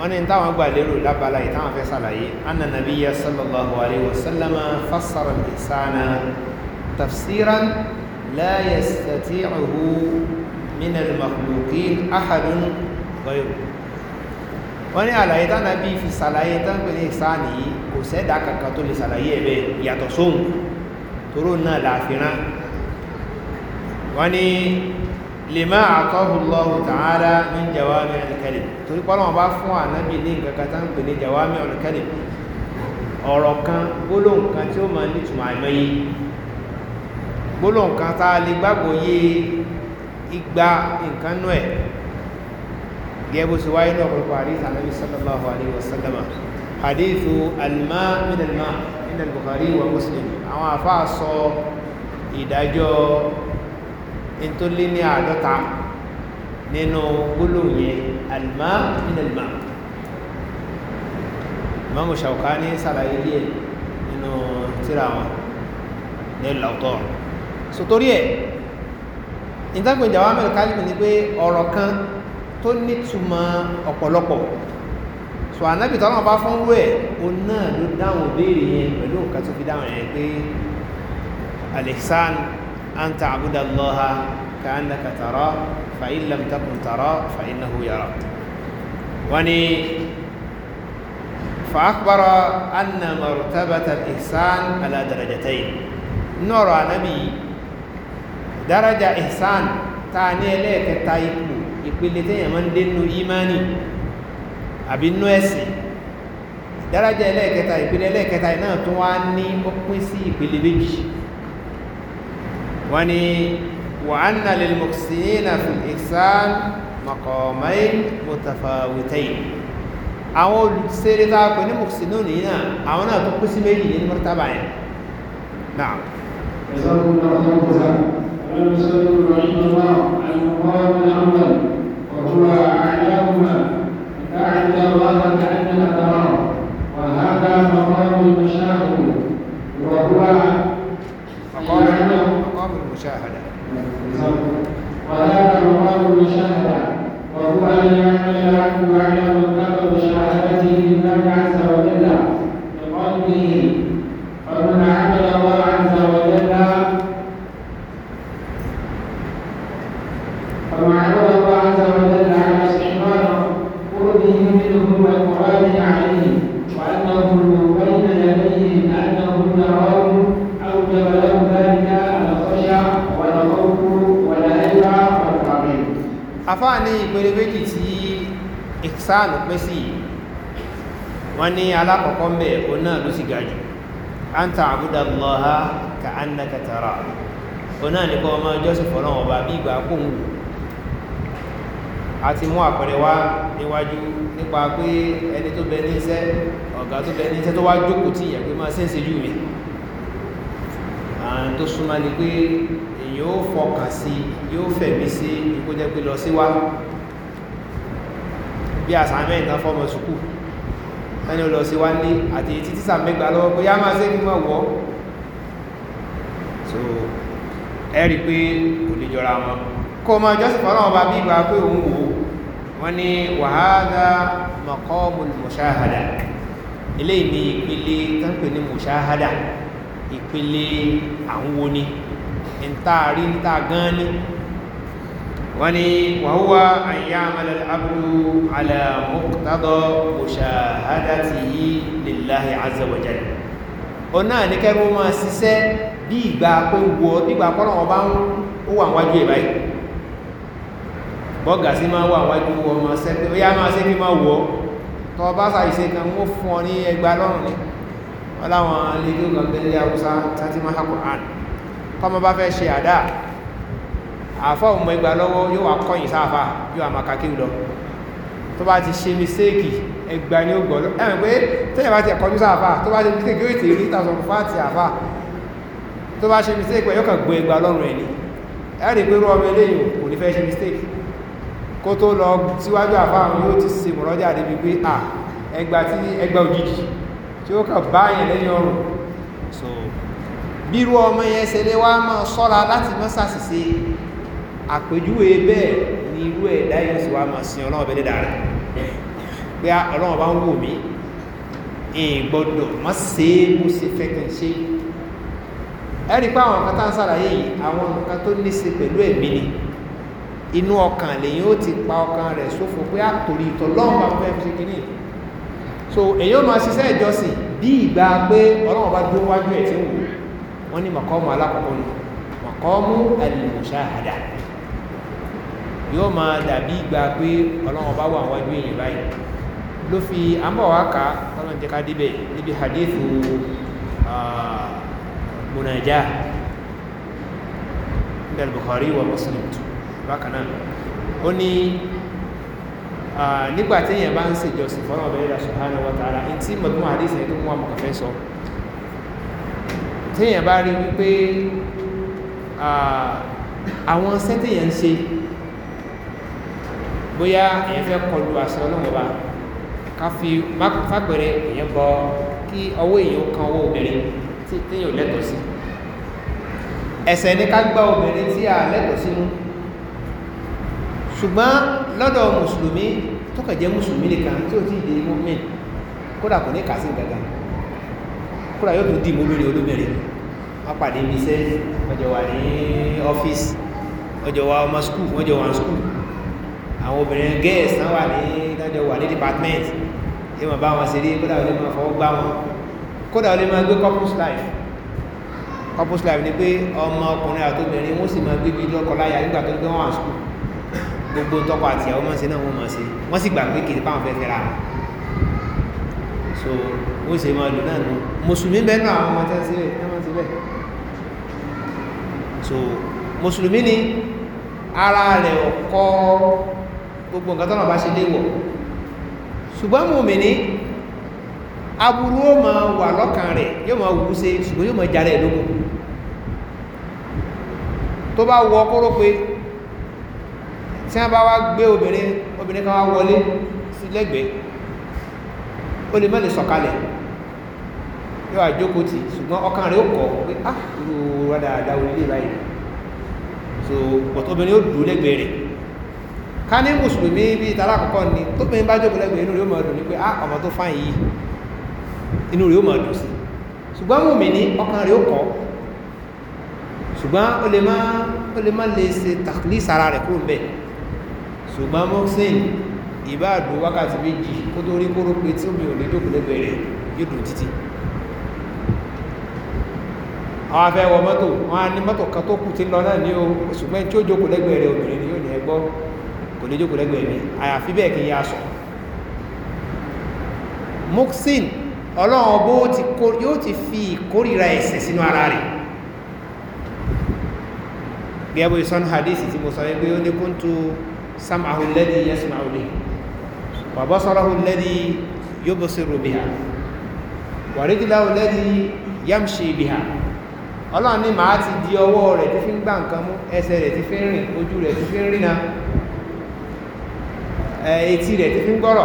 wọ́n ní táwọn gbà lérò lábala ìtàwọn fẹ́ sàlàyé anna nabiyya sallallahu alaihi wasallam fassara al-insana tafsiran la yastati'uhu min al-makhluqin ahadun ghayru wọ́n ní àlàyé tánà bí fi sàlàyé tánpẹ̀ ní ìsáàni yìí kò sẹ́dà kankan tó lè sàlàyé ẹ̀bẹ̀ yàtọ̀ sóhun toró náà láàfin wọ́n ní lèmá àtọ́hùlọ́hù tààrà ní jawami alkalim torí pọ́lọ̀ wọn bá fún ànábì ní nǹkan kan tán pè ní jawami alkalim ọ̀rọ̀ kan gbólóhùn kan tí ó máa ní ìtumọ̀ àìmọye gbólóhùn kan tá a lè gbàgbọ́ yé igba nǹkan nú ẹ̀ gẹ́gẹ́ bó ṣe wáyé ní tó lé ní àádọ́ta nínú gbólóhùn yẹn alìmá nínú alìmá Imamu Shawkani sàlàyé díẹ̀ nínú tíra wọn ní lọ́tọ̀ so torí ẹ̀ ìtàgbèjà wa mẹ́rin kálíbì ni pé ọ̀rọ̀ kan tó nítumọ̀ ọ̀pọ̀lọpọ̀ so ànábì tọ́lọ́ bá fún rú ẹ̀ òun náà ló dáhùn béèrè yẹn fi dáhùn yẹn pé alexander an ta'buda Allaha ka'annaka tarahu fa in lam takun tarahu fa innahu yarak wọ́n ni fa akhbara anna martabata al-ihsan ala darajatayn nọ́rọ̀ anábì daraja ihsan ta ní ẹlẹ́ẹ̀kẹta ipò ìpele tẹ́yàn máa ń dénú imani àbí nú ẹ̀sìn daraja ẹlẹ́ẹ̀kẹta ìpele ẹlẹ́ẹ̀kẹta náà tó wá ní ó pín sí ìpele méjì وني وأن للمحسنين في الإحسان مقامين متفاوتين أو سير ذاك وين مخسنون هنا أو أنا تقص ميلي هنا يعني مرتبعين يعني. نعم جزاكم الله خيرا أنا مسلم رحمه الله عن مقام الحمد وهو أعلاهما أعلى الله كأننا نراه وهذا مقام المشاعر وهو المشاهدة وهذا مراد المشاهدة وهو أن يعمل العبد على منتقى شهادته لله عز وجل ìpele méjì tí ìsáànù pín sí wọ́n ní alákọ̀ọ́kọ́ ń bẹ̀ òun náà ló sì ga jù an ta àbúdà lọ́ha ka an na katara òun náà nìkan ọmọ jọ́sìn fọ́nà ọba bí ìgbà kóhùn àti mú àpẹẹrẹ wá níwájú nípa pé ẹni tó bẹ ní iṣẹ́ ọ̀gá tó bẹ iṣẹ́ tó wá jókòó tí ìyàgbé máa ṣe jù mí àwọn tó súnmọ́ ni pé èyí ó fọkàn sí yóò fẹ̀mí sí ikú pé lọ sí wá bí àsàmẹ́ ìtàn fọ́mọ̀ sùkú ẹni lọ sí wá ní àti èyí títí sàmẹ́gbà lọ́wọ́ pé yá máa ṣe kí mọ̀ wọ́ so ẹ rí pé kò ní jọra wọn kó máa jọ́sìn fọ́nà ọba bí ìgbà pé òun wò wọ́n ní wàhálà maqamul mushahada eléyìí ní ìpele tánpẹ̀ ní mushahada ìpele àwọn wo ni ń tá a rí ń tá a gan ni wọ́n ni wàhúwà àyàmàlẹ̀ abúrú alàmùkútàdọ̀ òṣàhádàtìyí lillahi azza wa jalla ọ náà ní kẹ́rù máa ṣiṣẹ́ bí ìgbà pé wọ nígbà pọ́nà ọba ń wà wájú ẹ̀ báyìí bọ́gà sí máa wà wájú ọmọ sẹ́pẹ́ ó yá máa ṣe kí máa wọ̀ tọ́ bá bá fẹ́ ṣe àdáà àfá ọmọ ìgbà lọ́wọ́ yóò wà kọ́yìn sáàfà yóò àmà kàkíù lọ tó bá ti ṣe mistake ẹgbà ni ó gbọ́lọ́ ẹ̀mẹ̀ pé tẹ́yẹ̀ bá ti ẹ̀kọ́jú sáàfà tó bá ṣe mistake yóò tèrí tàṣọ fún àti àfà tó bá ṣe mistake pẹ̀ yóò kàn gbọ́ ìgbà lọ́rùn ọmọ eléyìn so bírú ọmọ yẹn ṣe lé wá máa sọ́ra láti mọ́ sàṣìṣe àpèjúwe bẹ́ẹ̀ ni irú ẹ̀dá yìí sì wá máa sin ọlọ́run bẹ́ẹ̀ dára pé ọlọ́run bá ń wò mí ìgbọ́dọ̀ má ṣe é bó ṣe fẹ́ kí n ṣe ẹ̀rí pé àwọn nǹkan tá ń ṣàlàyé yìí àwọn nǹkan tó ní ṣe pẹ̀lú ẹ̀mí ni inú ọkàn lèyìn ó ti pa ọkàn rẹ̀ sófo pé àtòrí ìtọ̀ lọ́run bá fẹ́ fi kíní so èyí ó máa ṣiṣẹ́ ìjọsìn bí ìgbà pé ọlọ́run bá dúró wájú ẹ̀ tí ń wò wọ́n ní màkọ́mù alákọ̀ọ́kọ́ nù màkọ́mù al-mushahada yóò máa dàbí ìgbà pé ọlọ́run bá wà wájú èèyàn báyìí ló fi àmọ́wáka ọlọ́run jẹ́ ká débẹ̀ níbi hadithu munaja bẹ́ẹ̀ Bukhari wa Muslim tó bákan náà ó ní nígbà tí èèyàn bá ń ṣèjọsìn fọ́nà ọ̀bẹ̀ ìlà subhanahu wa ta'ala ní tí mọ̀tún hadith yẹn tó mú àmọ̀ kọfẹ́ sọ tí èèyàn bá rí wípé àwọn sẹ́tẹ̀yàn ń ṣe bóyá èèyàn fẹ́ kọlu àṣẹ ọlọ́run ọba ká fi fàpẹ̀rẹ̀ èèyàn bọ kí ọwọ́ èèyàn kan owó obìnrin tí téèyàn lẹ́tọ̀ọ́ sí ẹ̀ṣẹ̀ ni ká gbá obìnrin tí a lẹ́tọ̀ọ́ sínú ṣùgbọ́n lọ́dọ̀ mùsùlùmí tó kàn jẹ́ mùsùlùmí nìkan tí ó ti di mọ́mí kódà kò ní kàásì gangan kódà yóò tún di mọ́mìnrin olóbìnrin wọ́n pàdé ibi iṣẹ́ wọ́n jọ wà ní ọ́fíìsì wọ́n jọ wà ọmọ skul wọ́n jọ wà skul àwọn obìnrin girls náà wà ní tájọ wà ní department yóò máa bá wọn ṣeré kódà ó lè máa fọwọ́ gbá wọn kódà ó máa gbé couples life couples life ni pé ọmọ ọkùnrin àti obìnrin wọn sì máa gbé bí lọ́kọ láya nígbà tó gbé wọn à school gbogbo tọkọ àti ìyàwó máa ń ṣe náà wọn máa ṣe wọn sì gbà pé kìí báwọn fẹ́ fẹ́ra wọn so wọn sì máa lò náà nù mùsùlùmí bẹ́ẹ̀ náà àwọn ọmọ tẹ́ ń ṣe máa ń bẹ́ẹ̀ so mùsùlùmí ni ara rẹ̀ gbogbo nǹkan tọ́nà bá ṣe léwọ̀ ṣùgbọ́n mùmínì aburú ó ma wà lọ́kàn rẹ̀ yóò ma wù ú ṣe ṣùgbọ́n yóò ma jarẹ̀ lókun tó bá wọ kóró pé tí wọ́n bá wá gbé obìnrin obìnrin kan wá wọlé sí lẹ́gbẹ̀ẹ́ ó lè má sọ̀kalẹ̀ yóò àjókòó tì ṣùgbọ́n ọkàn rẹ̀ ó kọ̀ pé ah irú rádàrádà orílẹ̀ báyìí so ọ̀tọ́bìnrin ó dùn lẹ́gbẹ̀ẹ́ rẹ̀ ká ní mùsùlùmí bí ìtara àkọ́kọ́ ni tó pé bá jókòó lẹ́gbẹ̀ẹ́ inú rẹ̀ ó máa dùn ní pé ah ọmọ tó fáyìn yìí inú rẹ̀ ó máa dùn sí ṣùgbọ́n mùmí ní ọkàn rẹ̀ ó kọ́ ṣùgbọ́n ó lè má ó lè má lè ṣe tàkìlís ara rẹ̀ kúrò bẹ́ẹ̀ ṣùgbọ́n mọ́sìn ìbáàdùn wákàtí méjì kó tó rí kóró pé tí omi ò lè jókòó lẹ́gbẹ̀ẹ́ yóò dùn títí àwọn afẹ́ mọ́tò wọn á ní mọ́tò kan tó kù tí lọ náà ní o ṣùgbọ́n tí ó jókòó lẹ́gbẹ̀ẹ́ rẹ̀ obìnrin ni yóò ní ẹgbọ́ kò lè jókòó lẹ́gbẹ̀ẹ́ mi àyàfi bẹ́ẹ̀ kí n yá sọ moksin ọlọ́run ọbọ̀ yóò ti fi ìkórìíra ẹ̀ṣẹ̀ sínú ara rẹ̀ gẹ́gẹ́ bó sọ́nù hadith tí mo sọ pé ó ní kuntu sam'ahu alladhi yasma'u bihi wa basarahu alladhi yubsiru biha wa rijlahu alladhi yamshi biha ọlọ́run etí rẹ̀ ti fi ń gbọ́rọ̀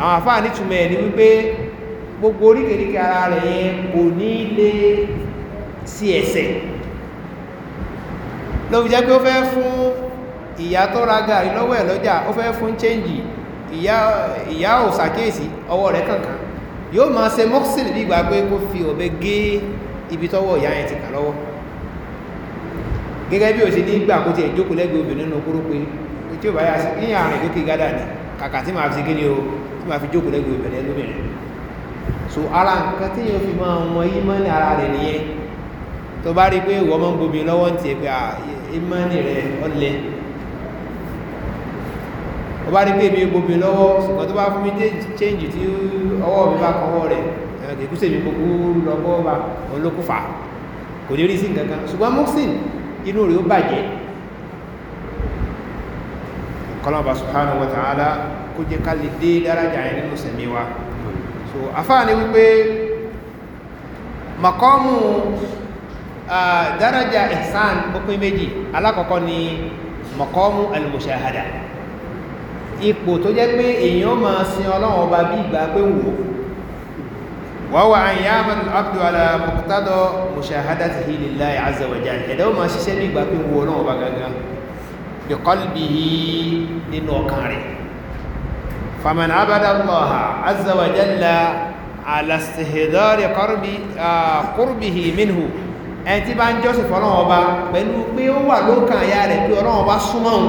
àwọn àfáà nítumọ̀ gbogbo oríkèríkè ara rẹ̀ yẹn kò ní lè sí ẹ̀sẹ̀ fi jẹ́ pé ó fẹ́ fún ìyá tó ra gàrí lọ́wọ́ ẹ̀ lọ́jà ó fẹ́ fún chẹ́ǹjì ìyá ò sàkíyèsí ọwọ́ rẹ̀ kankan yóò máa fi ọ̀bẹ gé ibi tọ́wọ́ ìyá yẹn ti kà lọ́wọ́ gẹ́gẹ́ bí ó ṣe ní ìgbà kó ti ẹ̀ lẹ́gbẹ̀ẹ́ obìnrin nínú tí ó bá yá sí ní àárín ìdókè gádà ni kàkà tí màá fi kí ni o tí màá fi jókòó lẹ́gbẹ̀ẹ́ ìbẹ̀rẹ̀ lóbìnrin so ara nǹkan tí yóò fi mọ àwọn ìmọ̀ ní ara rẹ̀ nìyẹn tó bá rí pé ìwọ ọmọ ń gbomi lọ́wọ́ ń tiẹ̀ pé ìmọ̀ rẹ̀ ọ̀lẹ́ ó bá rí pé èmi gbomi lọ́wọ́ ṣùgbọ́n tó bá fún mi change tí ọwọ́ mi bá kọ́wọ́ rẹ̀ kìkú sèmi gbogbo lọ́wọ́ bá òun ló kò ní rí sí nǹkan kan ṣùgbọ́n moxin inú rẹ̀ ó bàjẹ́ kọlọ́ọ̀bá subhanahu wa ta'ala kó jẹ́ ká lè dé dárájà yẹn nínú wa so afáà ni wípé makọ́mù dárájà ihsan ó pín méjì alákọ̀ọ́kọ́ ni makọ́mù al-mushahada ipò tó jẹ́ pé èèyàn máa sin ọlọ́run ọba bí ìgbà pé wò wọ́wọ́ àyàmàn abdu ala muqtada mushahadatihi lillahi azza wa jalla ẹ̀dá ó máa ṣiṣẹ́ bí ìgbà pé wò ọlọ́run gangan biqalbihi nínú ọkàn rẹ̀ faman abada Allah azza wa jalla ala istihdari qurbihi minhu ẹni tí bá ń jọ́sìn fọ́lọ́wọ́ ọba pẹ̀lú pé ó wà lókàn ya rẹ̀ pé ọlọ́wọ́ ọba súnmọ́ òun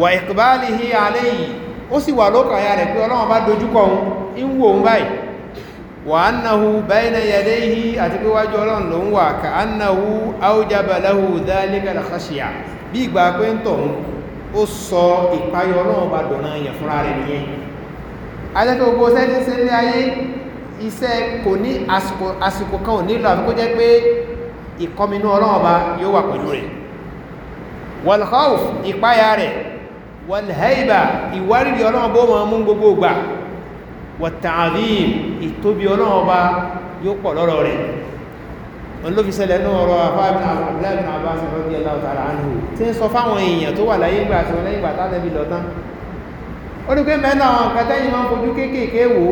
wà iqbalihi alayhi ó sì wà lókàn ya rẹ̀ pé ọlọ́wọ́ ọba dojúkọ ń wò òun báyìí wà annahu bayna yadayhi àti pé wájú ọlọ́run ló ń wà ka annahu awjaba lahu dhalika al-khashya bí ìgbà pé ń tọ̀ ó sọ ìpayọ ọlọ́run bá dọ̀nà yẹn fúnra rẹ̀ nìyẹn ajẹ́kẹ́ gbogbo sẹ́ni sẹ́lẹ̀ ayé iṣẹ́ kò ní àsìkò kan ò nílò àfikún jẹ́ pé ìkọminú ọlọ́run ọba yóò wà pẹ̀lú rẹ̀ wal-khawf ìpayà rẹ̀ wal-hayba ìwárìrì ọlọ́run bó mọ̀ mú gbogbo gbà wàtàdìm ìtóbi ọlọ́run ọba yóò pọ̀ lọ́rọ̀ rẹ̀ wọn ló fi ṣẹlẹ̀ náà ọ̀rọ̀ àfáàbìn àbúláàbìn àbáṣe lọ́dí ẹ̀lá ọ̀tàrà àánú tí ń sọ fáwọn èèyàn tó wà láyé ìgbà àti wọn lẹ́yìn ìgbà tánẹ́bí lọ́tán ó ní pé mẹ́nà àwọn nǹkan tẹ́yìn máa ń fojú kéékèèké wò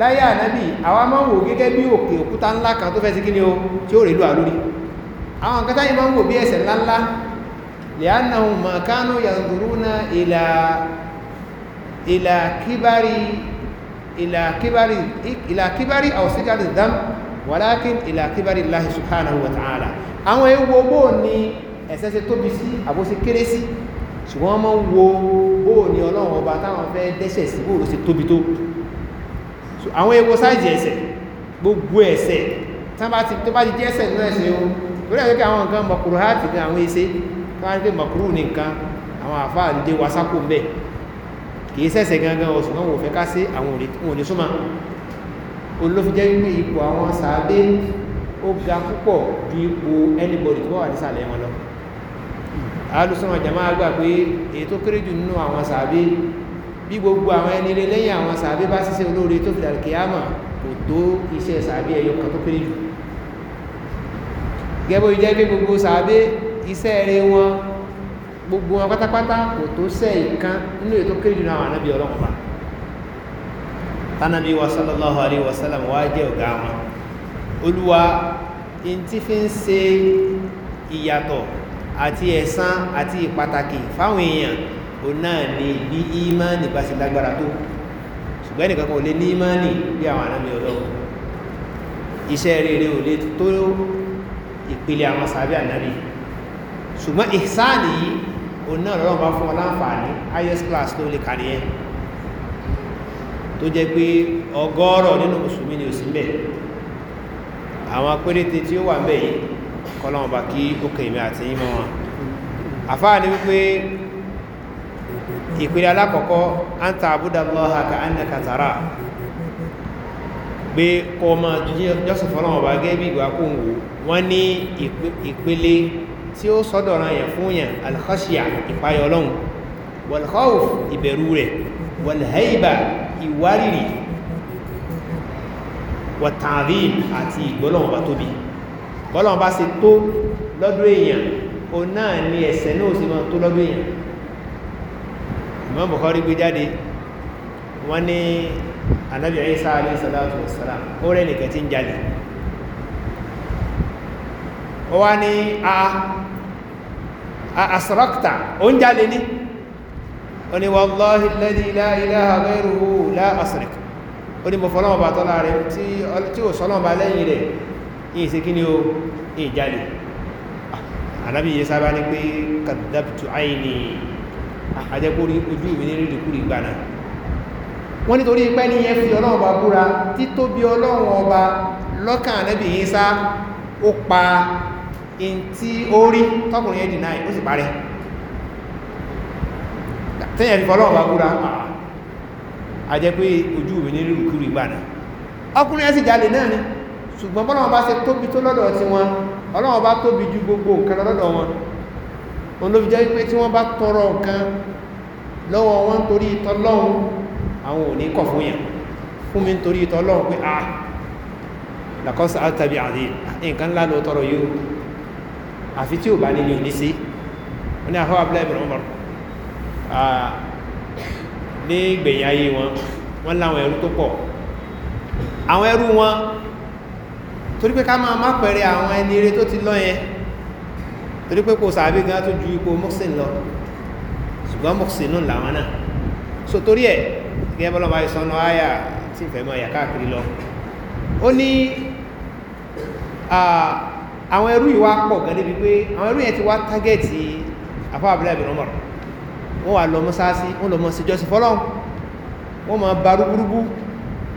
láyé ànábì àwa máa ń wò gẹ́gẹ́ bí òkè òkúta ńlá kan tó ìlà kíbárì àwọ̀sígárì dám wàlákin ìlà kíbárì láhì subhanahu wa ta'ala àwọn ewu bó ní ẹ̀ṣẹ̀ ṣe tóbi sí àbóṣe kéré sí ṣùgbọ́n wọ́n máa ń wo bó ní ọlọ́run ọba táwọn fẹ́ dẹ́ṣẹ̀ sí bó ló ṣe tóbi tó àwọn ewu sáìjì ẹ̀ṣẹ̀ gbogbo ẹ̀ṣẹ̀ tó bá ti jẹ́ ẹ̀ṣẹ̀ nínú ẹ̀ṣẹ̀ o torí àwọn àwọn nǹkan mọ̀kúrú háàtì gan àwọn iṣẹ́ tó wá ní pé mọ̀kúrú nìkan àwọn àfáà ń dé wasákò bẹ́ẹ̀ kìí sẹ́sẹ̀ gangan ọ̀sùn náà wò fẹ́ ká sí àwọn òní súnmọ́ olófin jẹ́ wípé ipò àwọn sàábé ó ga púpọ̀ ju ipò anybody tó wà nísàlẹ̀ wọn lọ alùsùnmọ̀ jama gbà pé èyí tó kéré jù nínú àwọn sàábé bí gbogbo àwọn ẹni ilé lẹ́yìn àwọn sàábé bá ṣiṣẹ́ olóore tó fi dàrí kìámà kò tó iṣẹ́ sàábé ẹyọ kan tó kéré jù gẹ́gbó jẹ́ pé gbogbo sàábé iṣẹ́ rẹ̀ wọn gbogbo wọn pátápátá kò tó sẹ́ ìkan nínú ètò kéré jùlọ àwọn anábì ọlọ́run bá tánàbí wa sallallahu alayhi wa sallam wá jẹ́ ọ̀gá wọn olúwa in ti fi ń ṣe ìyàtọ̀ àti ẹ̀san àti ìpàtàkì fáwọn èèyàn ò náà ní bí ìmánì bá ṣe lágbára tó ṣùgbọ́n nìkan kan ò lè ní ìmánì bí àwọn anábì ọlọ́run iṣẹ́ rere ò lè tó ìpele àwọn sàbí ànábì ṣùgbọ́n ìsáàlì yìí òun náà lọ́wọ́ bá fún ọ láǹfààní highest class tó lè kàrí ẹ tó jẹ́ pé ọgọ́rọ̀ nínú mùsùlùmí ni ò sí mbẹ̀ àwọn péréte tí ó wà mbẹ̀ yìí kọ́lọ́wọ́n bá kí ó kẹ́ ìmẹ́ àti yín mọ́ wọn àfáà ni wípé ìpele alákọ̀ọ́kọ́ an ta àbúdà lọ́ha ka an nakatara pé kọ́ ọmọ jọ́sìn fọ́lọ́wọ́n bá gẹ́gẹ́ ìgbà kóhùn wọ́n ní ìpele tí ó sọ́dọ̀ràn yẹn fún yẹn alkhashia ìpayọ̀ ọlọ́run walkhawf ìbẹ̀rù rẹ̀ walhaiba ìwárìrì wàtàrín àti ìgbọ́lọ́wọ̀n bá tóbi bọ́lọ́wọ̀n bá ṣe tó lọ́dọ̀ èèyàn o náà ni ẹ̀ṣẹ̀ náà sì máa tó lọ́dọ̀ èèyàn Imam Bukhari gbé jáde wọ́n ní Ànábì Isa alayhi salatu wassalam ó rẹ̀ nìkan tí ń jalè ó wá ní a asrakta ó ń jáde ní ó ní wallahi alladhi la ilaha ghayruhu la asrik ó ní mo fọ́lọ́wọ́ bá tọ́lá rẹ̀ tí ó sọ́lọ́wọ́ bá lẹ́yìn rẹ̀ yìí sí kí ni ó yìí jáde anábì ah, yìí sábà ní pé kadhabtu aini àjẹkórí ah, ojú mi ní in tí ó rí tọ́kùnrin yẹn dìnáì ó sì parẹ́ tẹ́yẹ̀ ní fọ́lọ́wọ́ bá gúra a jẹ́ pé ojú mi ní rírùkúrù ìgbàna ọkùnrin yẹn sì jalè náà ni ṣùgbọ́n bọ́lọ́wọ́ bá ṣe tóbi tó lọ́dọ̀ tí wọn ọlọ́wọ́ bá tóbi ju gbogbo nǹkan lọ́dọ̀ wọn wọn ló fi jẹ́ pé tí wọ́n bá tọrọ nǹkan lọ́wọ́ wọn torí tọlọ́hun àwọn ò ní kọ̀ fún yẹn fún mi torí tọlọ́hun pé àfi tí ò bá nínú ní sí wọ́n ní àfọwọ́ abúlé ìbìrún mọ́rọ̀ ní gbẹ̀yìn ayé wọn wọ́n láwọn ẹrú tó pọ̀ àwọn ẹrú wọn torí pé ká máa má pẹ̀rẹ̀ àwọn ẹni eré tó ti lọ yẹn torí pé kò sàábé gan tó ju ipò mọ́sìn lọ ṣùgbọ́n mọ́sìn náà làwọn náà so torí ẹ̀ gẹ́gẹ́ bọ́lá máa sọ náà tí ìfẹ́ mọ́ àyà káàkiri lọ ó ní àwọn ẹrú ìwà pọ̀ gan níbi pé àwọn ẹrú yẹn ti wá tágẹ́ẹ̀tì àfáà abúlé àbìrán mọ̀rọ̀ wà lọ mọ́sáàsì wọ́n lọ mọ́ jọ́sí fọ́lọ́hún wọ́n máa ba rúgbúrúgbú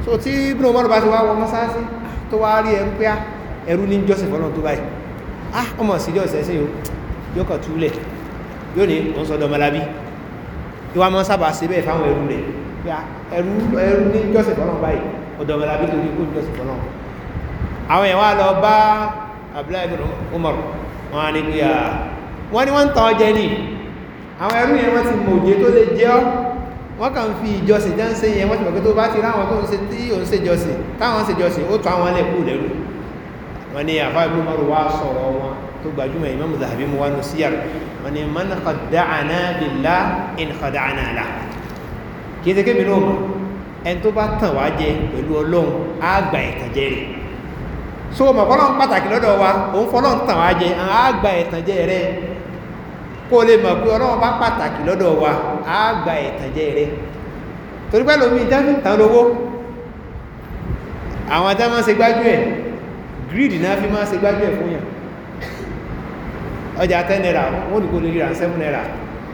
so tí ibùdó mọ́rọ̀ bá ti wá wọ mọ́sáàsì tó wá rí ẹrú pé ah, ẹrú ní jọ́sí fọ́lọ́hún tó báyìí ah ọmọ sí jọ́sí ẹsẹ̀ yóò yóò kàn túlẹ̀ yóò ní wọ́n sọ dọ́mọlábí ìwà máa sábà ṣe bẹ́ẹ̀ fáwọn ẹrú rẹ̀ pé ah, ẹrú ní jọ́sí fọ́lọ́hún báyìí abdullahi ibn umar wọ́n ní pé wọ́n ni? wọ́n ń ta ọjẹ́ ní àwọn ẹrú yẹn wọ́n ti mọ̀ òjé tó lè jẹ́ ọ́ wọ́n kàn fi ìjọsìn jẹ́ ń ṣe yẹn wọ́n ti mọ̀ pé tó bá ti ráwọn tó ń ṣe tí ò ń ṣe jọsìn táwọn ń jọsìn ó tọ́ àwọn lẹ́kù lẹ́rù wọ́n ní àfáà umar wá sọ̀rọ̀ wọn tó gbajúmọ̀ in khada'ana la kì í ṣe kébìnrin ọmọ ẹni tó bá tàn so mọ̀ fọ́lọ́n pàtàkì lọ́dọ̀ wa òun fọ́lọ́n tàn wá jẹ àágbà ẹ̀tànjẹ rẹ kó lè mọ̀ pé ọlọ́run bá pàtàkì lọ́dọ̀ wa àágbà ẹ̀tànjẹ rẹ torí pẹ́ lómi ìdájú ìtàn lówó àwọn ajá máa ń ṣe gbájú ẹ̀ grid náà fi máa ń ṣe gbájú ẹ̀ fún yàn ọjà ten naira wọ́n ní kó lè ríra seven naira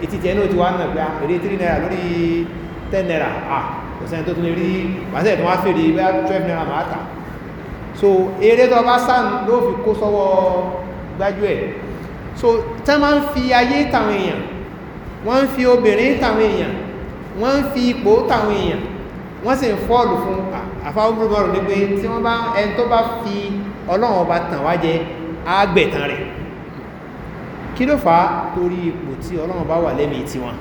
etí tiẹ̀ náà ti wá náà pé ah, èrè three naira lórí ten naira ah kò sẹ́ni tó tún lè rí wàásẹ̀ tó wá fèrè bẹ́ẹ̀ twelve naira máa tà so eré tó bá sáà ló fi kó sọ́wọ́ gbájú ẹ̀ so tẹ́ máa ń fi ayé tàwọn èèyàn wọ́n ń fi obìnrin tàwọn èèyàn wọ́n ń fi ipò tàwọn èèyàn wọ́n sì ń fọ́ọ̀lù fún àfáwọ́gbọ́rọ̀ ní pé tí wọ́n bá ẹni tó bá fi ọlọ́run ọba tàn wá jẹ àgbẹ̀tàn rẹ̀ kí ló fà á torí ipò tí ọlọ́run bá wà lẹ́mìí tiwọn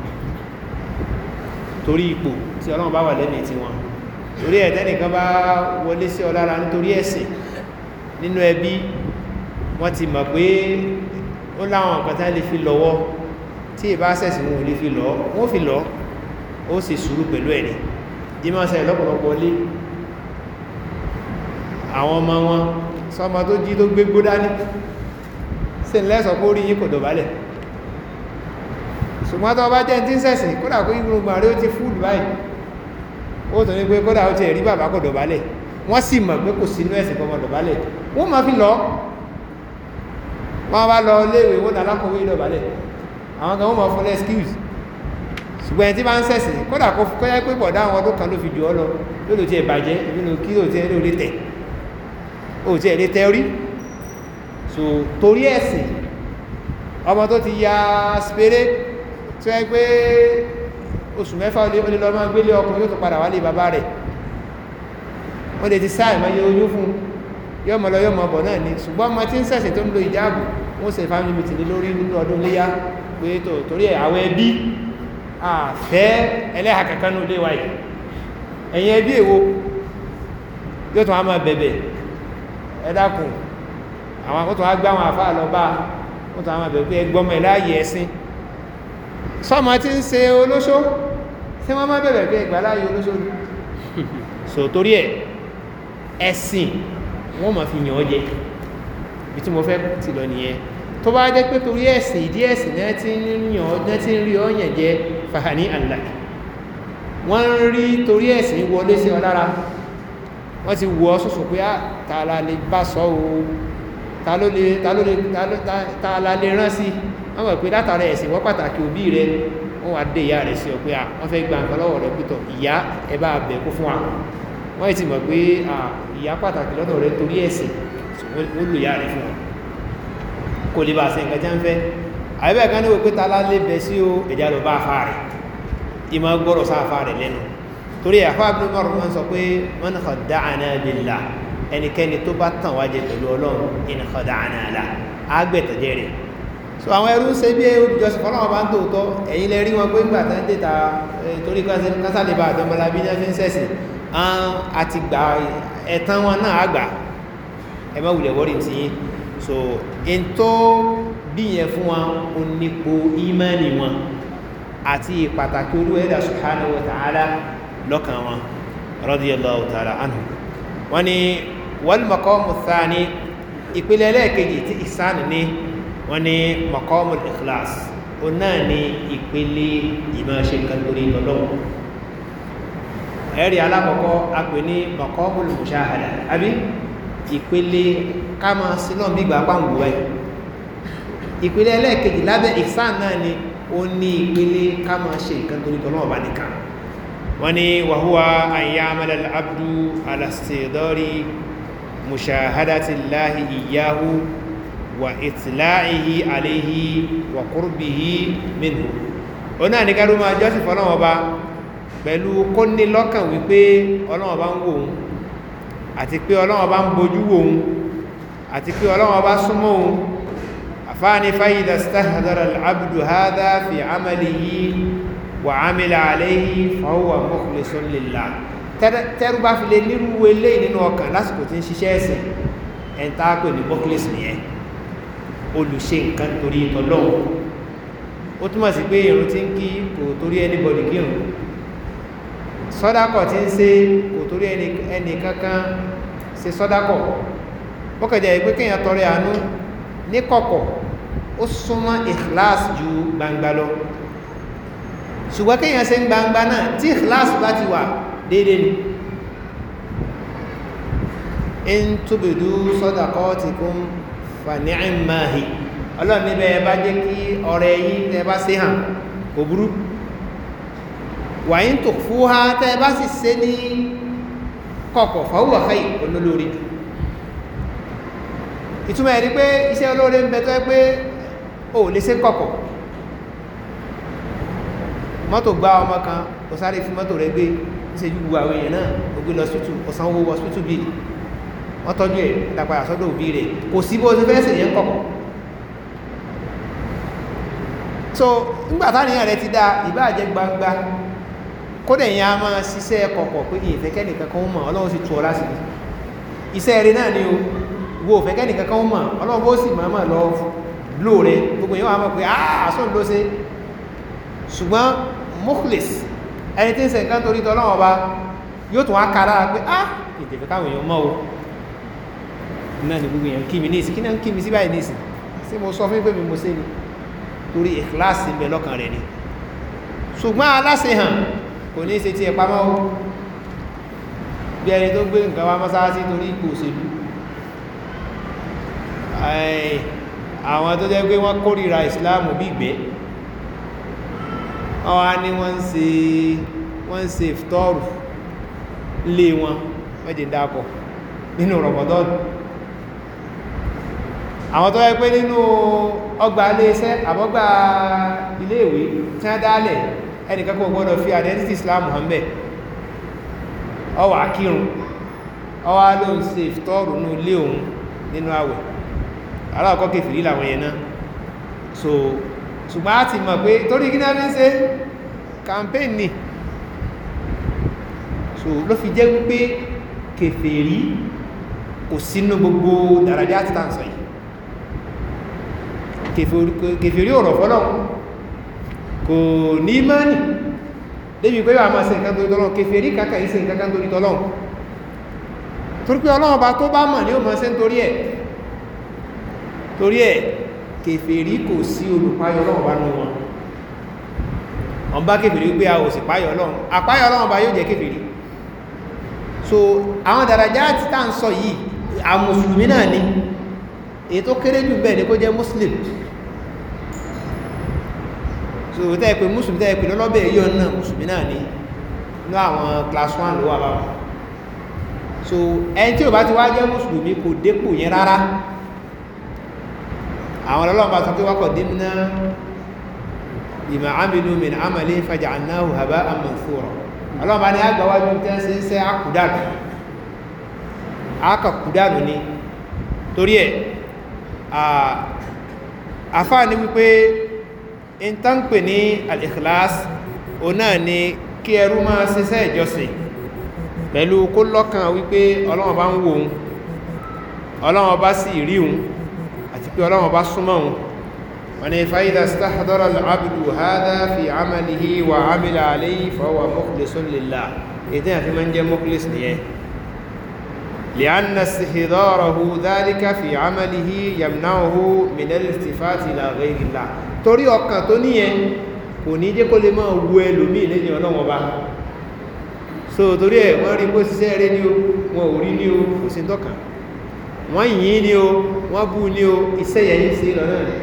torí ipò tí ọlọ́run bá wà lẹ́mìí tiwọn torí ẹ̀ tẹ́nìkan bá wọlé sí ọlára nítorí ẹ̀sìn nínú ẹbí wọ́n ti mọ̀ pé ó láwọn nǹkan tán lè fi lọ́wọ́ tí ìbá sẹ̀sì wọn ò lè fi lọ́ wọ́n fi lọ́ ó sì sùúrù pẹ̀lú ẹ̀ ni ìmọ̀ ṣẹlẹ̀ lọ́pọ̀lọpọ̀ lé àwọn ọmọ wọn sọmọ tó jí tó gbégbó dání sí ń lẹ́sọ̀ kó rí yín kò dọ̀bálẹ̀ ṣùgbọ́n tó bá jẹ́ ti ń sẹ̀sìn kódà kó yín gbogbo àrí ó ti fúùdù báyìí ó tún ní pé kódà ó ti rí bàbá kò dọ̀bálẹ̀ wọ́n sì mọ̀ pé kò sínú ẹ̀sìn kọ́mọ dọ̀bálẹ̀ wọ́n máa fi lọ wọ́n bá lọ léèwé wọ́n dáná kọ́wé dọ̀bálẹ̀ àwọn kan wọ́n máa fún excuse ṣùgbọ́n ẹni tí máa ń sẹ̀sìn kódà kó kọ́yá pé bọ̀dá àwọn ọdún kan ló fi jù ọ́ lọ ló lò tí ẹ bàjẹ́ nínú kí ló ti ẹ ló lè tẹ̀ ó ti ẹ lè tẹ orí so torí ẹ̀sìn ọmọ tó ti ya spéré tó yẹ pé oṣù mẹ́fà ó lè lọ máa gbélé ọkùnrin yóò tó padà wálé bàbá rẹ̀ wọ́n lè ti sá ìmọ̀ yẹ oyún fún yóò mọ̀ lọ yóò mọ̀ bọ̀ náà ni ṣùgbọ́n ọmọ tí ń ṣẹ̀ṣẹ̀ tó ń lo ìjáàbù wọ́n ṣe family meeting lórí nínú ọdún léyá pé torí àwọn ẹbí àfẹ́ ẹlẹ́hà kankan ní ilé wa yìí ẹ̀yin ẹbí èwo yóò tún á máa bẹ̀bẹ̀ ẹ dákun àwọn akótó á gbá àwọn àfáà lọ sọ́mọ tí ń ṣe olóṣó tí wọ́n má bẹ̀rẹ̀ pé ìgbàláyé olóṣó ni so torí ẹ̀ ẹ̀sìn wọ́n ma fi yàn ọ́ jẹ bí tí mo fẹ́ ti lọ nìyẹn tó bá jẹ́ pé torí ẹ̀sìn ìdí ẹ̀sìn náà ti ń yàn ọ́ náà ti ń rí ọ̀yàn jẹ fàhání àlàkì wọ́n ń rí torí ẹ̀sìn wọlé sí ọ lára wọ́n ti wọ́ sọ̀sọ̀ pé ah, ta la lè bá sọ o ta ló lè rán sí i wọ́n mọ̀ pé látara ẹ̀sìn wọ́n pàtàkì òbí rẹ wọ́n wá dé ìyá rẹ̀ sí ọ pé à wọ́n fẹ́ gba nǹkan lọ́wọ́ rẹ pítọ̀ ìyá ẹ bá bẹ̀ kó fún wa wọ́n ti mọ̀ pé ìyá pàtàkì lọ́dọ̀ rẹ torí ẹ̀sìn wọ́n lò ìyá rẹ fún wọn kò lè bá ṣe nǹkan tí fẹ́ àbẹ́bẹ̀ kan ní wọ́n pé ta bẹ sí o ẹ̀já lọ bá afá rẹ̀ ìmọ̀ gbọ́rọ̀ sá afá rẹ̀ lẹ́nu torí àfá bí wọ́n rọ̀ sọ pé man khadda'ana billah ẹnikẹ́ni tó bá tàn wá pẹ̀lú ọlọ́run in khadda'ana la á gbẹ̀tẹ̀jẹ́ rẹ̀ so àwọn ẹrú ń ṣe bí olùjọsìn fọ́nàwọ́ bá ń tòótọ́ ẹ̀yìn lẹ rí wọn pé ńgbà tán dé ta torí kásálẹ̀bà àdánmọ́lá bí wọ́n fi ń sẹ̀sìn àti gbà ẹ̀tàn wọn náà àgbà ẹ má wulẹ̀ wọ́rì sí so n tó bíyẹn fún wa ò nípo ìmánì wọn àti pàtàkì olú ẹ̀dà subhanahu wa ta'ala lọ́kàn wọn radiyallahu ta'ala anhu wọ́n wọ́n ní maqamul ikhlas ó náà ní ìpele ìmọ̀ọ́ṣe nǹkan lórí ọlọ́run ẹ̀rí alákọ̀ọ́kọ́ a pè ní maqamul mushahada àbí ìpele ká máa sí náà gbígbà pàǹgù ẹ̀ ìpele ẹlẹ́ẹ̀kejì lábẹ́ ihsan náà ni ó ní ìpele ká ṣe nǹkan torí tọ́lọ́wọ́ wa ìtìláìhì àléhì wa kúrbìhì mìnú o náà ní kẹ́rù máa jọ́sìn fọ́lọ́wọ́ bá pẹ̀lú kó ní lọ́kàn wípé ọlọ́wọ́ bá ń wò òun àti pé ọlọ́wọ́ bá ń bojú wò òun àti pé ọlọ́wọ́ bá súnmọ́ òun àfáàní fáyidà stahdara al'abdu hádá fi amalihi wa amila àléhì fahuwa mukhlisun lillah tẹ́rù bá fi lè nírú eléyìí nínú ọkàn lásìkò tí ń ṣiṣẹ́ ẹ̀sìn ẹ̀ntàkò ní mukhlis nìyẹn olùṣe nǹkan torí ìtọ́lọ́run ó túmọ̀ sí pé ìrun tí ń kí kò torí anybody kírun sọ́dákọ̀ tí ń ṣe kò torí ẹni kankan ṣe sọ́dákọ̀ ó kẹjẹ ìpé kéèyàn tọrẹ àánú ní kọ̀kọ̀ ó súnmọ́ ikhlas ju gbangba lọ ṣùgbọ́n kéèyàn ṣe ń gbangba náà tí ikhlas bá ti wà déédéé ni in tubidu sadaqatikum fani'imahi ọlọ́run níbẹ̀ ẹ bá jẹ́ kí ọ̀rẹ́ yìí tẹ bá ṣe hàn kò burú wàyín tó fún ha tẹ bá sì ṣe ní kọ̀kọ̀ fọwọ́ fẹ́ olólórí jù ìtumọ̀ ẹ̀rí pé iṣẹ́ olóore ń bẹ tó ẹ pé o lè ṣe kọ̀kọ̀ mọ́tò gbá ọmọ kan ó fi mọ́tò rẹ gbé ṣe ju gbogbo àwọn èèyàn náà ó gbé lọ sítù ó sanwó wọ sítù bíi wọ́n tọ́jú ẹ̀ dápadà sọ́dọ̀ òbí rẹ̀ kò sí bó ṣe fẹ́ sì yẹn kọ̀kọ̀ so nígbà táníyàn rẹ ti dáa ìbáàjẹ́ gbangba kódẹ̀ yẹn a máa ṣiṣẹ́ kọ̀kọ̀ pé ìfẹ́ kẹ́nìkan kan ó mọ̀ ọlọ́run sì tu ọ lásìkò iṣẹ́ rẹ náà ni o wo òfẹ́ kẹ́nìkan kan ó mọ̀ ọlọ́run bó sì máa máa lọ lò rẹ gbogbo yẹn wà mọ̀ pé àásùn ló ṣe ṣùgbọ́n mukhlis ah ìtẹ̀fẹ́ káwọn èèyàn mọ́ o náà ni gbogbo èèyàn kí mi ní kí náà ń kí mi sí báyìí ní sí mo sọ fún pé mo sé ni torí ìkíláàsì ń bẹ lọ́kàn rẹ̀ ni ṣùgbọ́n aláṣehàn kò ní ṣe ti ẹ̀ pamọ́ o bí ẹni tó gbé nǹkan wá mọ́sáàsì torí ipò òṣèlú àwọn tó jẹ́ pé wọ́n kórìíra ìsìláàmù bí ìgbẹ́ wọ́n wá ní wọ́n ń ṣe wọ́n ń ṣe ìfitọ́rù lé wọn mẹ́jẹ̀ dákọ̀ nínú rọ̀bọ̀dọ́nù àwọn tó wáyé pé nínú ọgbà iléeṣẹ́ àbọ́gbà iléèwé tí wọ́n dálẹ̀ ẹnìkan kò gbọ́dọ̀ fi identity Islam hàn bẹ́ẹ̀ ọwà kírun ọwà ló ń ṣe ìfitọ́rù ní ilé òun nínú àwẹ̀ aláàkọ́ kẹfìrí làwọn yẹn náà so ṣùgbọ́n a ti mọ̀ pé torí kí náà ṣe campaign ni so ló fi jẹ́ wípé kẹfìrí kò sínú gbogbo dàrájá àti tàǹsọ̀ yìí kèfèrí ọ̀rọ̀ fọ́lọ́run kò ní mánì débi pé wà máa ṣe nǹkan torí tọ́lọ́run kèfèrí kàkà ìṣe nǹkan torí tọ́lọ́run torí pé ọlọ́run ọba tó bá mọ̀ ní ó máa ṣe nítorí ẹ̀ torí ẹ̀ kèfèrí kò sí olùpáyọ̀ ọlọ́run bá nú wọn so àwọn dàrájà tí tá à ń sọ yìí èyí tó kéré jù bẹ́ẹ̀ ni kó jẹ́ muslim so tẹ́ pé muslim tẹ́ pé lọ́lọ́bẹ̀ èyí ọ̀n náà mùsùlùmí náà ni ní àwọn class one ló wà báwọn so ẹni tí ò bá ti wá jẹ́ mùsùlùmí kò dépò yẹn rárá àwọn ọlọ́run bá sọ pé wákọ̀ dímúná ìmọ̀ àmìlú min amali faja'alnahu haba'an manthura ọlọ́run bá ní agbáwájú tẹ́ sí ń sẹ́ àkùdánù àkàkùdánù ni torí ẹ̀ àfá ní wípé in tán pè ní al-ikhlas o náà ni kí ẹrú máa ṣiṣẹ́ ìjọsìn pẹ̀lú kó lọ́kàn wípé ọlọ́wọ́n bá ń wo òun ọlọ́wọ́n bá sì rí òun àti pé ọlọ́wọ́n bá súnmọ́ òun wọ́n ni fa'ida stahdara al'abdu لأن استحضاره ذلك في عمله يمنعه من الالتفات إلى غير الله torí ọkàn tó níyẹn kò ní jẹ́ kó lè máa wo ẹlòmíì lẹ́yìn ọlọ́wọ́n bá so torí ẹ̀ wọ́n rí bó ṣiṣẹ́ rẹ ní o wọn ò rí ní o kò sí tọ́kàn wọ́n yìn ní o wọ́n bú ní o iṣẹ́ yẹn ń ṣe lọ́nà rẹ̀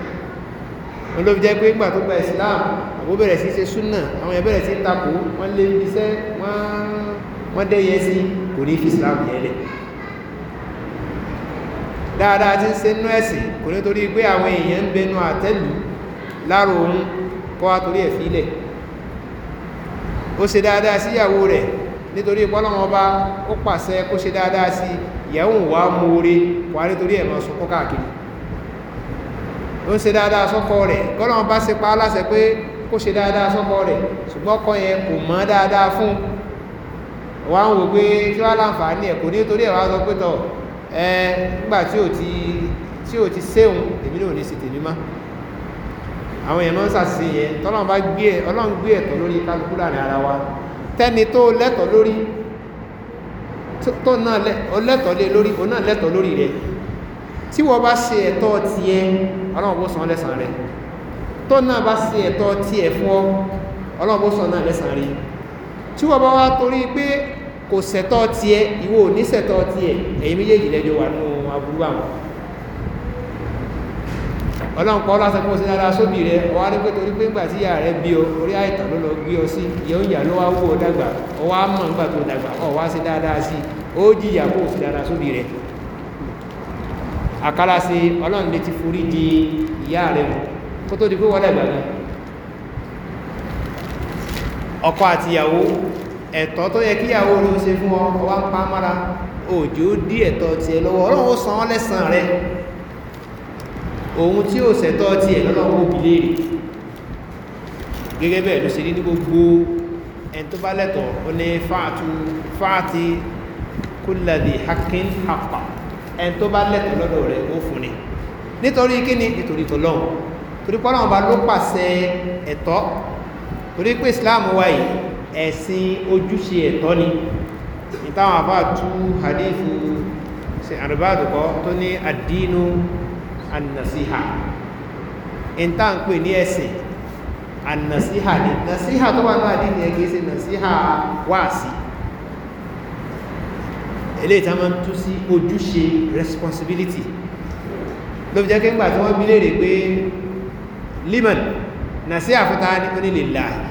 wọn ló fi jẹ́ pé nígbà tó gba Islam àbó bẹ̀rẹ̀ sí ṣe súnà àwọn yẹn bẹ̀rẹ̀ sí takò wọ́n lé iṣẹ́ wọ́n dẹ́yẹ sí kò ní fi Islam yẹn lẹ̀ dáadáa tí ń ṣe nú ẹ̀sìn kò ní torí pé àwọn èèyàn ń bẹnu àtẹ́lù láàrò òun kọ́ wá torí ẹ̀ fílẹ̀ ó ṣe dáadáa sí ìyàwó rẹ̀ nítorí pọ́lọ́wọ́n bá ó pàṣẹ kó ṣe dáadáa sí ìyàwó wa mú orí wà nítorí ẹ̀ máa káàkiri ó ṣe dáadáa sọ́kọ rẹ̀ kọ́lọ́wọ́n bá ṣe pa á pé kó ṣe dáadáa sọ́kọ rẹ̀ ṣùgbọ́n ọkọ yẹn kò mọ̀ dáadáa fún wa ń wò pé kí wá láǹfààní ẹ̀ kò ní torí ẹ̀ wá sọ pé tọ̀ ẹ nígbà tí ò ti tí ò ti séhun èmi náà ní sí tèmi má àwọn èèyàn máa ń yẹn tọ́lọ́run bá gbé ẹ̀ ọlọ́run gbé ẹ̀tọ́ lórí kálukú láàrin ara wa tẹ́ni tó lẹ́tọ̀ lórí tó náà lẹ́tọ̀ lé lórí òun náà lẹ́tọ̀ lórí rẹ̀ tí wọ́n bá ṣe ẹ̀tọ́ tiẹ̀ ọlọ́run bó san lẹ́san rẹ̀ tó náà bá ṣe ẹ̀tọ́ tiẹ̀ fún ọ ọlọ́run bó san náà lẹ́san rẹ̀ tí wọ́n bá wá torí pé kò sẹ̀tọ́ tiẹ̀ ìwọ ò ní sẹ̀tọ́ tiẹ̀ ẹ̀yin méjèèjì lẹ́jọ́ wà nínú aburú àwọn ọlọ́run kọ́ lásán kó sí sóbì rẹ ọwá ní pé torí pé ńgbà tí ìyá rẹ bí ọ orí àìtàn ló lọ gbé ọ sí ìyá oúnjẹ ló wá wó ọ dàgbà ọwá mọ̀ ńgbà tó dàgbà ọwá sí dáadáa sí ó jìyà kó sí sóbì rẹ àkàrà sí ọlọ́run lè ti forí di ìyá rẹ mọ̀ kó tó di pé wọ́n ọkọ àtìyàwó ẹ̀tọ́ tó yẹ kíyàwó ló ṣe fún ọ wá ń pa mára òjò dí ẹ̀tọ́ tiẹ̀ lọ́wọ́ ọlọ́run ó san ọ́ lẹ́sàn rẹ òun tí ó ṣẹ̀tọ́ tiẹ̀ lọ́lọ́run ó bi léèrè gẹ́gẹ́ bẹ́ẹ̀ ló ṣe ní gbogbo ẹni tó bá lẹ́tọ̀ọ́ ó ní fáàtú fáàtì kúlẹ̀dì hakin hapa ẹni tó bá lẹ́tọ̀ọ́ lọ́dọ̀ rẹ̀ ó fún ni nítorí kíni nítorí tọ́lọ́run torí pọ́lọ́run bá ló pàṣẹ ẹ̀tọ́ torí pé Islam wáyé ẹ̀sìn ojúṣe ẹ̀tọ́ ni ìtàwọn àbá tú hadithu ṣe àrùbádùkọ́ tó ní àdínú annasiha ìta ń pè ní ẹ̀sìn annasiha ni nasiha tó wà náà dínú ẹgbẹ́ sí nasiha wáàsí ilé ìta máa ń tú sí ojúṣe responsibility ló fi jẹ́ kí ń gbà tí wọ́n bí léèrè pé liman nasiha fún ta ní onílè láàyè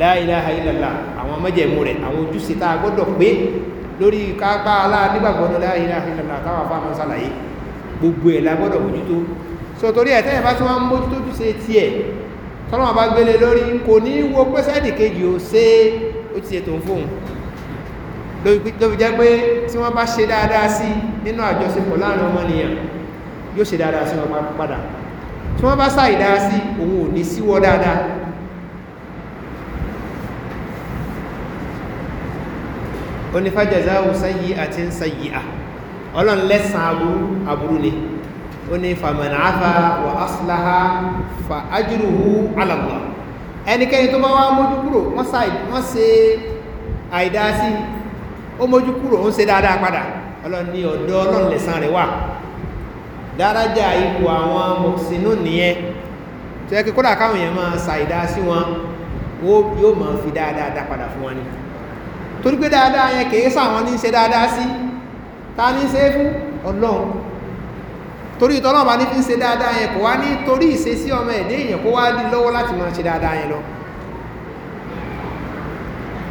la ilaha illallah àwọn mẹ́jẹ̀mú rẹ̀ àwọn ojúṣe tá a gbọ́dọ̀ pé lórí kápá aláàdígbàgbọ́dọ̀ la ilaha illallah káwà fáwọn ọmọ sàlàyé gbogbo ẹ̀ la gbọ́dọ̀ mójútó so torí ẹ̀ tẹ́yìn bá tí wọ́n ń mójútó ojúṣe tiẹ̀ tọ́lọ́wọ́n bá gbélé lórí kò ní wo pé sẹ́ẹ̀dì kejì ò ṣe ó ti ṣètò fóun lóbi jẹ́ pé tí wọ́n bá ṣe dáadáa sí nínú àjọṣepọ̀ onífàjẹ̀zá òsáyí àti ń sayí à ọlọ́n lẹ́sàn aburú aburú ni ó ní fàmànà áfà wà áṣìláha fa ájírùhú alàgbà ẹnikẹ́ni tó bá wá mójú kúrò wọ́n ṣe àìdá sí ó mójú kúrò ó ń ṣe dáadáa padà ọlọ́n ní ọ̀dọ̀ ọlọ́n lẹ́sàn rẹ̀ wà dáradà ipò àwọn mọ̀sínú nìyẹn tó yẹ kí kódà káwọn èèyàn máa ṣàìdá sí wọn yóò máa fi dáadáa dá padà fún wọn ni torí pé dáadáa yẹn kìí sàwọn ní ṣe dáadáa sí ta ní ṣe fún ọlọ́run torí ìtọ́lọ́run bá ní fi ń ṣe dáadáa yẹn kò wá ní torí ìṣesí ọmọ ẹ̀dẹ́ èèyàn kó wá dí lọ́wọ́ láti máa ṣe dáadáa yẹn lọ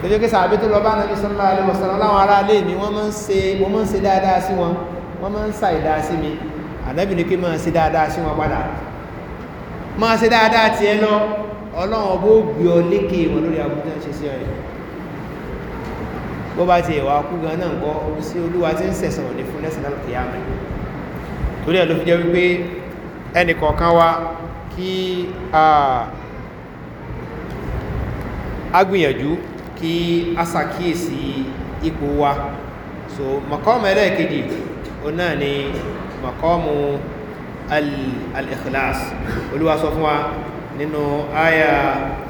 lójú kí sàbí tó lọ bá nàbí sọ́lá alẹ́wọ̀sán láwọn ará ilé mi wọ́n máa ń ṣe wọ́n máa ń ṣe dáadáa sí wọn wọ́n máa ń ṣàìdá sí mi ànábì ní kí máa ṣe dáadáa sí wọn padà máa ṣe dáadáa tiẹ̀ lọ ọlọ́run ọbọ̀ gbé lékè wọn lórí àbújá ṣe sí ọ̀rẹ́ bó bá ti ẹ̀wà kú gan náà kọ́ sí olúwa tí ń sẹ̀sàn òní fún lẹ́sìn náà kìí àmì torí ẹ̀ ló fi jẹ́ wípé ẹnì kọ̀ọ̀kan wa kí a kí a ṣàkíyèsí ipò wa so mọ̀kọ́mù ẹlẹ́ẹ̀kejì ó náà ni mọ̀kọ́mù al-ikhlas olúwa sọ fún wa nínú àyà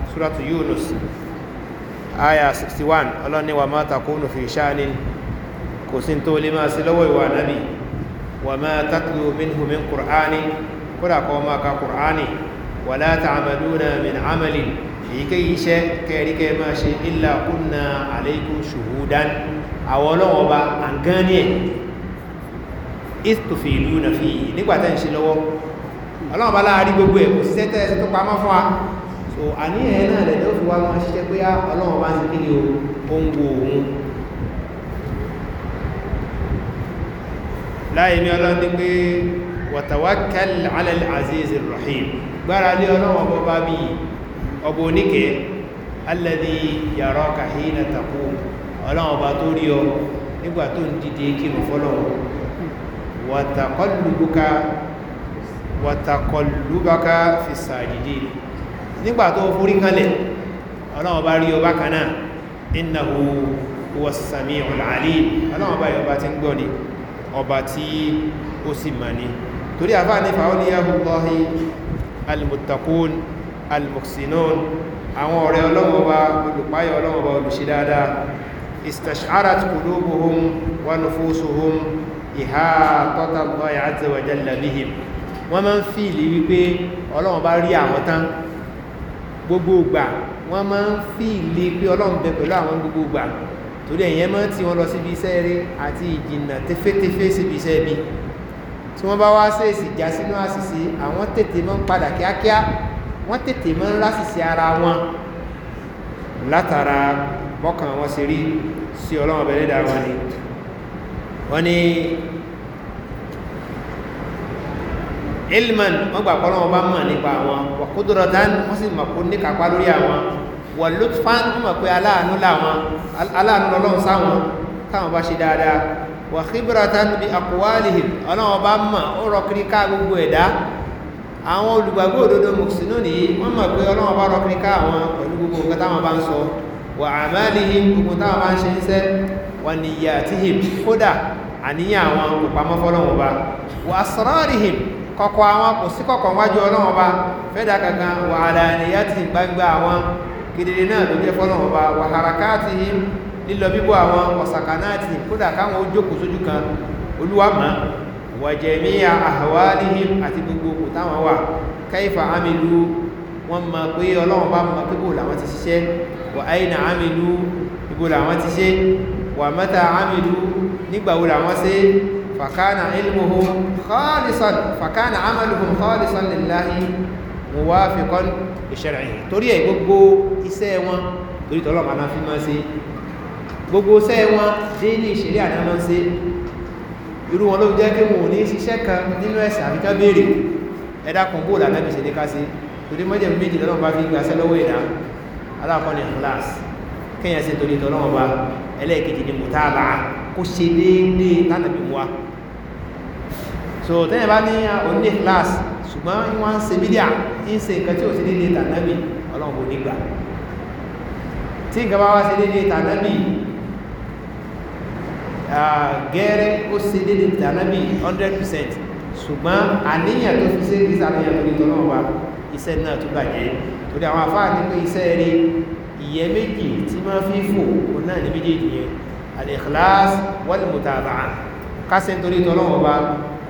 suratu Yunus aya 61 ọlọ́ni wa ma takunu fi sha'nin kò sí tó lè máa sí lọ́wọ́ ìwà nábi wa ma tatlu minhu min qur'ani kódà kọ́ ma ka qur'ani wa la ta'maluna min amalin èyíkéyìí iṣẹ́ kẹríkẹ́ máa ṣe illa kunna so àníyàn náà lẹ́jọ́ fi wá máa ṣiṣẹ́ pé ah, ọlọ́run bá ń ṣe kí ni ó ń wo òun láyé ní ọlọ́run ní pé watawakkal ala al-aziz ar-rahim gbára lé ọlọ́run ọba bá bí ọba oníkẹ́ alladhi yaraka hina taqum ọlọ́run ọba tó rí ọ nígbà tó ń dìde kírun fọ́lọ́run wataqallubuka fi sajidin nígbà tó forí kalẹ̀ ọlọ́run bá rí ọba kan náà innahu huwa sami'ul alim ọlọ́run bá yọ ọba tí ń gbọ́ ni ọba tí ó sì mà ní torí àfáà ní fàáwọn níyàwó lọ́hí almuttaqun almuhsinun àwọn wọ́n máa ń fìlì wípé ọlọ́run bá rí àwọn tán gbogbo ìgbà wọ́n máa ń fi ìlé pé ọlọ́run bẹ pẹ̀lú àwọn gbogbo ìgbà torí ẹ̀yẹn máa tí wọ́n lọ síbi iṣẹ́ rí àti ìjìnà tẹ́fẹ́tẹ́fẹ́ síbi iṣẹ́ mi tí wọ́n bá wá ṣèèsì já sínú àṣìṣe àwọn tètè máa ń padà kíákíá wọ́n tètè máa ń láṣìṣe ara wọn látara bọ́kàn wọn ṣe rí sí ọlọ́run ọ̀bẹ̀rẹ̀dà wọn ni wọ́n ní ilman wọ́n gbà kọ́lọ́wọ́ bá mọ̀ nípa àwọn wa qudratan wọ́n sì mọ̀ kó níkàpá lórí àwọn wa lutfan wọ́n mọ̀ pé aláàánú làwọn aláàánú lọ́lọ́run sáwọn káwọn bá ṣe dáadáa wa khibratan bi aqwalihim ọlọ́wọ́ bá mọ̀ ó rọ kiri ká gbogbo ẹ̀dá àwọn olùgbàgbọ́ òdodo mùsùlùmí nìyí wọ́n mọ̀ pé ọlọ́wọ́ wa asrarihim kọ̀kọ̀ àwọn kò sí kọ̀kọ̀ wájú ọlọ́run ọba fẹ́dà kankan wàhálà ènìyàn ti gbangba àwọn kedere náà ló jẹ́ fọ́lọ́run ọba wàhálà káàtì yìí lílọ bíbọ̀ àwọn ọ̀sàkà náà ti kódà káwọn ó kan olúwa wà káìfà àmìlú فكان علمهم خالصا فكان عملهم خالصا لله موافقا لشرعه torí ẹ̀ gbogbo iṣẹ́ wọn torí tolo ma fi ma ṣe gbogbo iṣẹ́ wọn de ni ìṣẹ̀lẹ̀ ana ma ṣe irú wọn ló jẹ́ ke wọn ní ṣiṣẹ́ kan nínú ẹ̀sìn àbí ká béèrè ẹ dákun bo la na bi ṣe de ká ṣe torí mo je méjì tolo bá fi gba ṣe lọ́wọ́ ida ala ko ni ikhlas kenya ṣe torí tolo bá ẹlẹ́kejì ni mutaba kò ṣe déédéé lánàbí wa so tẹ́yìn bá ní ah, onílé class ṣùgbọ́n wọ́n ń ṣe bídíà ń ṣe nǹkan tí ò sí nílé tànàbì ọlọ́run kò ní gbà tí nǹkan wá ṣe nílé tànàbì gẹ́rẹ́ ó ṣe nílé tànàbì 100% ṣùgbọ́n àníyàn tó fi ṣe ní sàníyàn tó ní tọ́lọ́run wa iṣẹ́ náà tó bàjẹ́ torí àwọn afáà ní pé iṣẹ́ rí ìyẹ́ méjì tí máa fi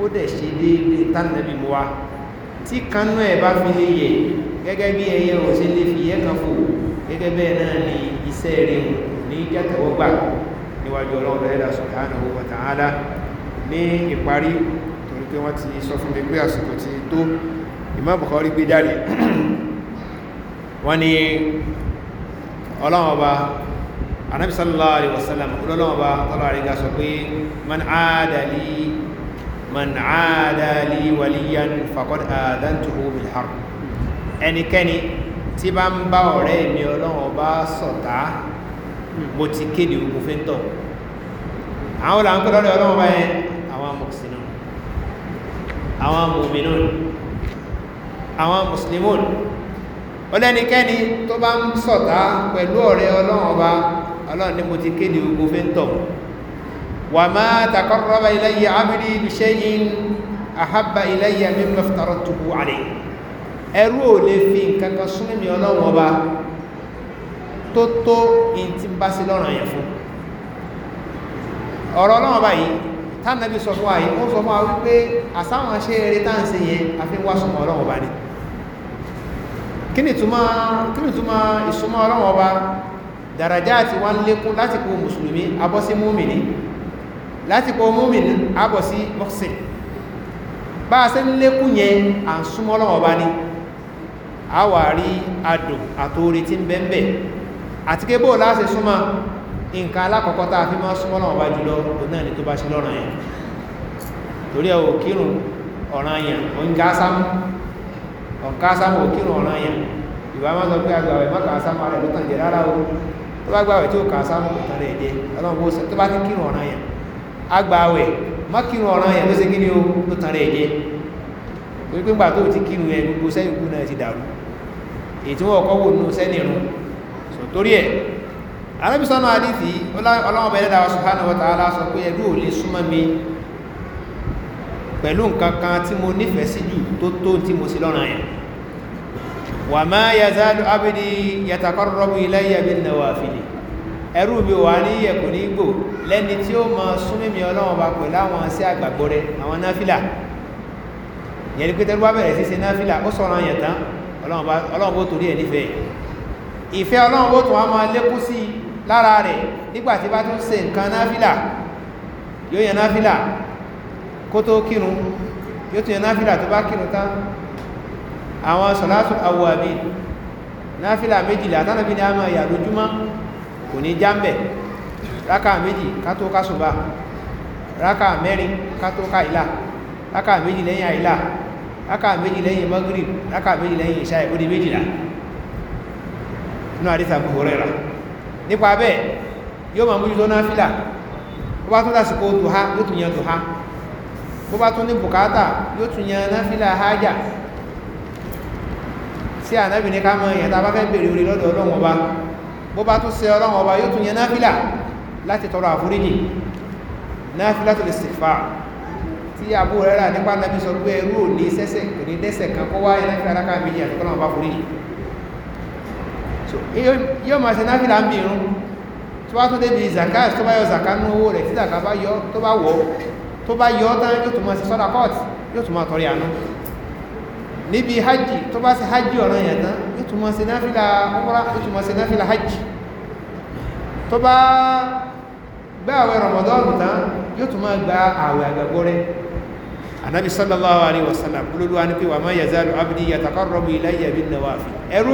ó dẹ̀ ṣe déédéé tánàbí mú wa tí kanú ẹ̀ bá fi lè yẹ gẹ́gẹ́ bí ẹyẹ ò ṣe lè fi ẹ̀kan fò gẹ́gẹ́ bẹ́ẹ̀ náà ni iṣẹ́ rẹ̀ ní jàtẹ̀wọ́gbà níwájú ọlọ́run ẹ̀dà subhanahu wa ta'ala ní ìparí torí pé wọ́n ti sallallahu alaihi wasallam ọlọ́run ọba tọ́lọ́ àríga sọ pé man áàdàlì man aada li waliyan fakod adantuhu bil harb ẹnikẹ́ni tí bá ń bá ọ̀rẹ́ mi Ọlọ́run bá ṣọ̀tá mo ti kéde ogun fi ń tọ̀ àwọn là ń pè lọ́dọ̀ Ọlọ́run báyẹn àwọn mùsùlùmí àwọn mùmínú àwọn mùsùlùmí ọlẹ́nikẹ́ni tó bá ń ṣọ̀tá pẹ̀lú ọ̀rẹ́ Ọlọ́run ọba Ọlọ́run ni mo ti kéde ogun fi ń tọ̀ وما تقرب إلي abdi بشيء أحب إلي مما افترضته عليه. alayhi ẹrú ò lè fi nǹkan kan súnmọ́ mi ọlọ́run ọba tó tó in ti bá sí lọ́rùn àyàn fún ọ̀rọ̀ ọlọ́run ọba yìí tánàbí sọ fún wa yìí ó sọ fún wa wípé àsáwọn ṣe eré tá à ń ṣe yẹn àfi wá súnmọ́ ọlọ́run ọba ni kí ni túmọ̀ kí ni túmọ̀ ìsúnmọ́ ọlọ́run ọba dàrájà àti wọn lékún láti kó mùsùlùmí abọ́sí múmìnì láti pọ̀ múmin àbọ̀ sí mọ́sìn bá a ṣe ń lékún yẹn à ń súnmọ́ lọ́wọ́ bá ní a wà rí adùn àtòrí tí ń bẹ́ẹ̀bẹ̀ àti ké bóò láti súnmọ́ nǹkan alákọ̀ọ́kọ́ tá a fi máa súnmọ́ lọ́wọ́ bá jùlọ òun náà ni tó bá ṣe lọ́ràn yẹn torí ẹ̀ ò kírun ọ̀ràn yẹn tó bá gbàwẹ̀ tí ò kà sámú kò tàn rẹ̀ tó bá ti kírun ọ̀ràn yẹn agbàwẹ̀ mákìrún ọ̀ràn yẹn ló ṣe kíni o ló tan rẹ̀ jẹ́ torí pé ńgbà tó ti kírun yẹn gbogbo sẹ́yìn kú náà ti dàrú èyí tí wọ́n kọ́ wò nínú sẹ́yìn irun sọ torí ẹ̀ arábìsọ́nà àdìsí ọlọ́wọ́n bẹ̀rẹ̀ dáwà subhanahu wa ta'ala sọ pé ẹ̀rú ò lè súnmọ́ mi pẹ̀lú ẹrú mi wà ní yẹ̀kù ní gbò lẹ́ni tí ó mọ súnmímí ọlọ́run ọba pẹ̀lú àwọn sí àgbàgbọ́ rẹ àwọn náfìlà ìyẹn ni pété wá bẹ̀rẹ̀ sí ṣe náfìlà ó sọ̀rọ̀ àyàn tán ọlọ́run bó torí ẹ̀ nífẹ̀ẹ́ ìfẹ́ ọlọ́run bó tún wá máa lékún sí lára rẹ̀ nígbà tí bá kò ní jámbẹ̀ rákà méjì ká tó ká ṣùbà rákà mẹ́rin ká tó ká ìlà rákà méjì lẹ́yìn àìlà rákà méjì lẹ́yìn magrib rákà méjì lẹ́yìn ìṣà ìbódé méjìlá náà àdíta gbogbo rẹ̀ rà nípa bẹ́ẹ̀ yóò máa mójútó náà fílà bó bá tún lásìkò duha yóò tún yan duha bó bá tún ní bùkátà yóò tún yan náà fílà hájà sí ànábì ká mọ ìyẹn tá a bá fẹ́ bèrè orí lọ́dọ̀ ọlọ́wọ́n ọba bó bá tún ṣe ọlọ́run ọba yóò tún yẹn náfílà láti tọrọ àforíjì náfílà tó lè sèfà tí àbú rẹ̀ rà nípa nàbí sọ pé ẹrú ò ní sẹ́sẹ̀ kò ní dẹ́sẹ̀ kan kó wáyé náfílà alákà méjì àti kọ́lọ́run ọba foríjì yóò máa ṣe náfílà ń bìrún tó bá tún débi zakat tó bá yọ zakat ní owó rẹ̀ tí zakat bá yọ tó níbi hajj tó bá ṣe hajj ọ̀ràn yẹn tán yóò tún máa ṣe náfìlà umra yóò tún máa ṣe náfìlà hajj tó bá gbé àwẹ̀ rọmọdọ́ọ̀nù tán yóò tún máa gba àwẹ̀ àgbàgbọ́ rẹ̀ anabi sallallahu alaihi wasallam olúwa ní pé wà máa yazalu abdi yataqarrabu ilayya bin nawafil ẹrú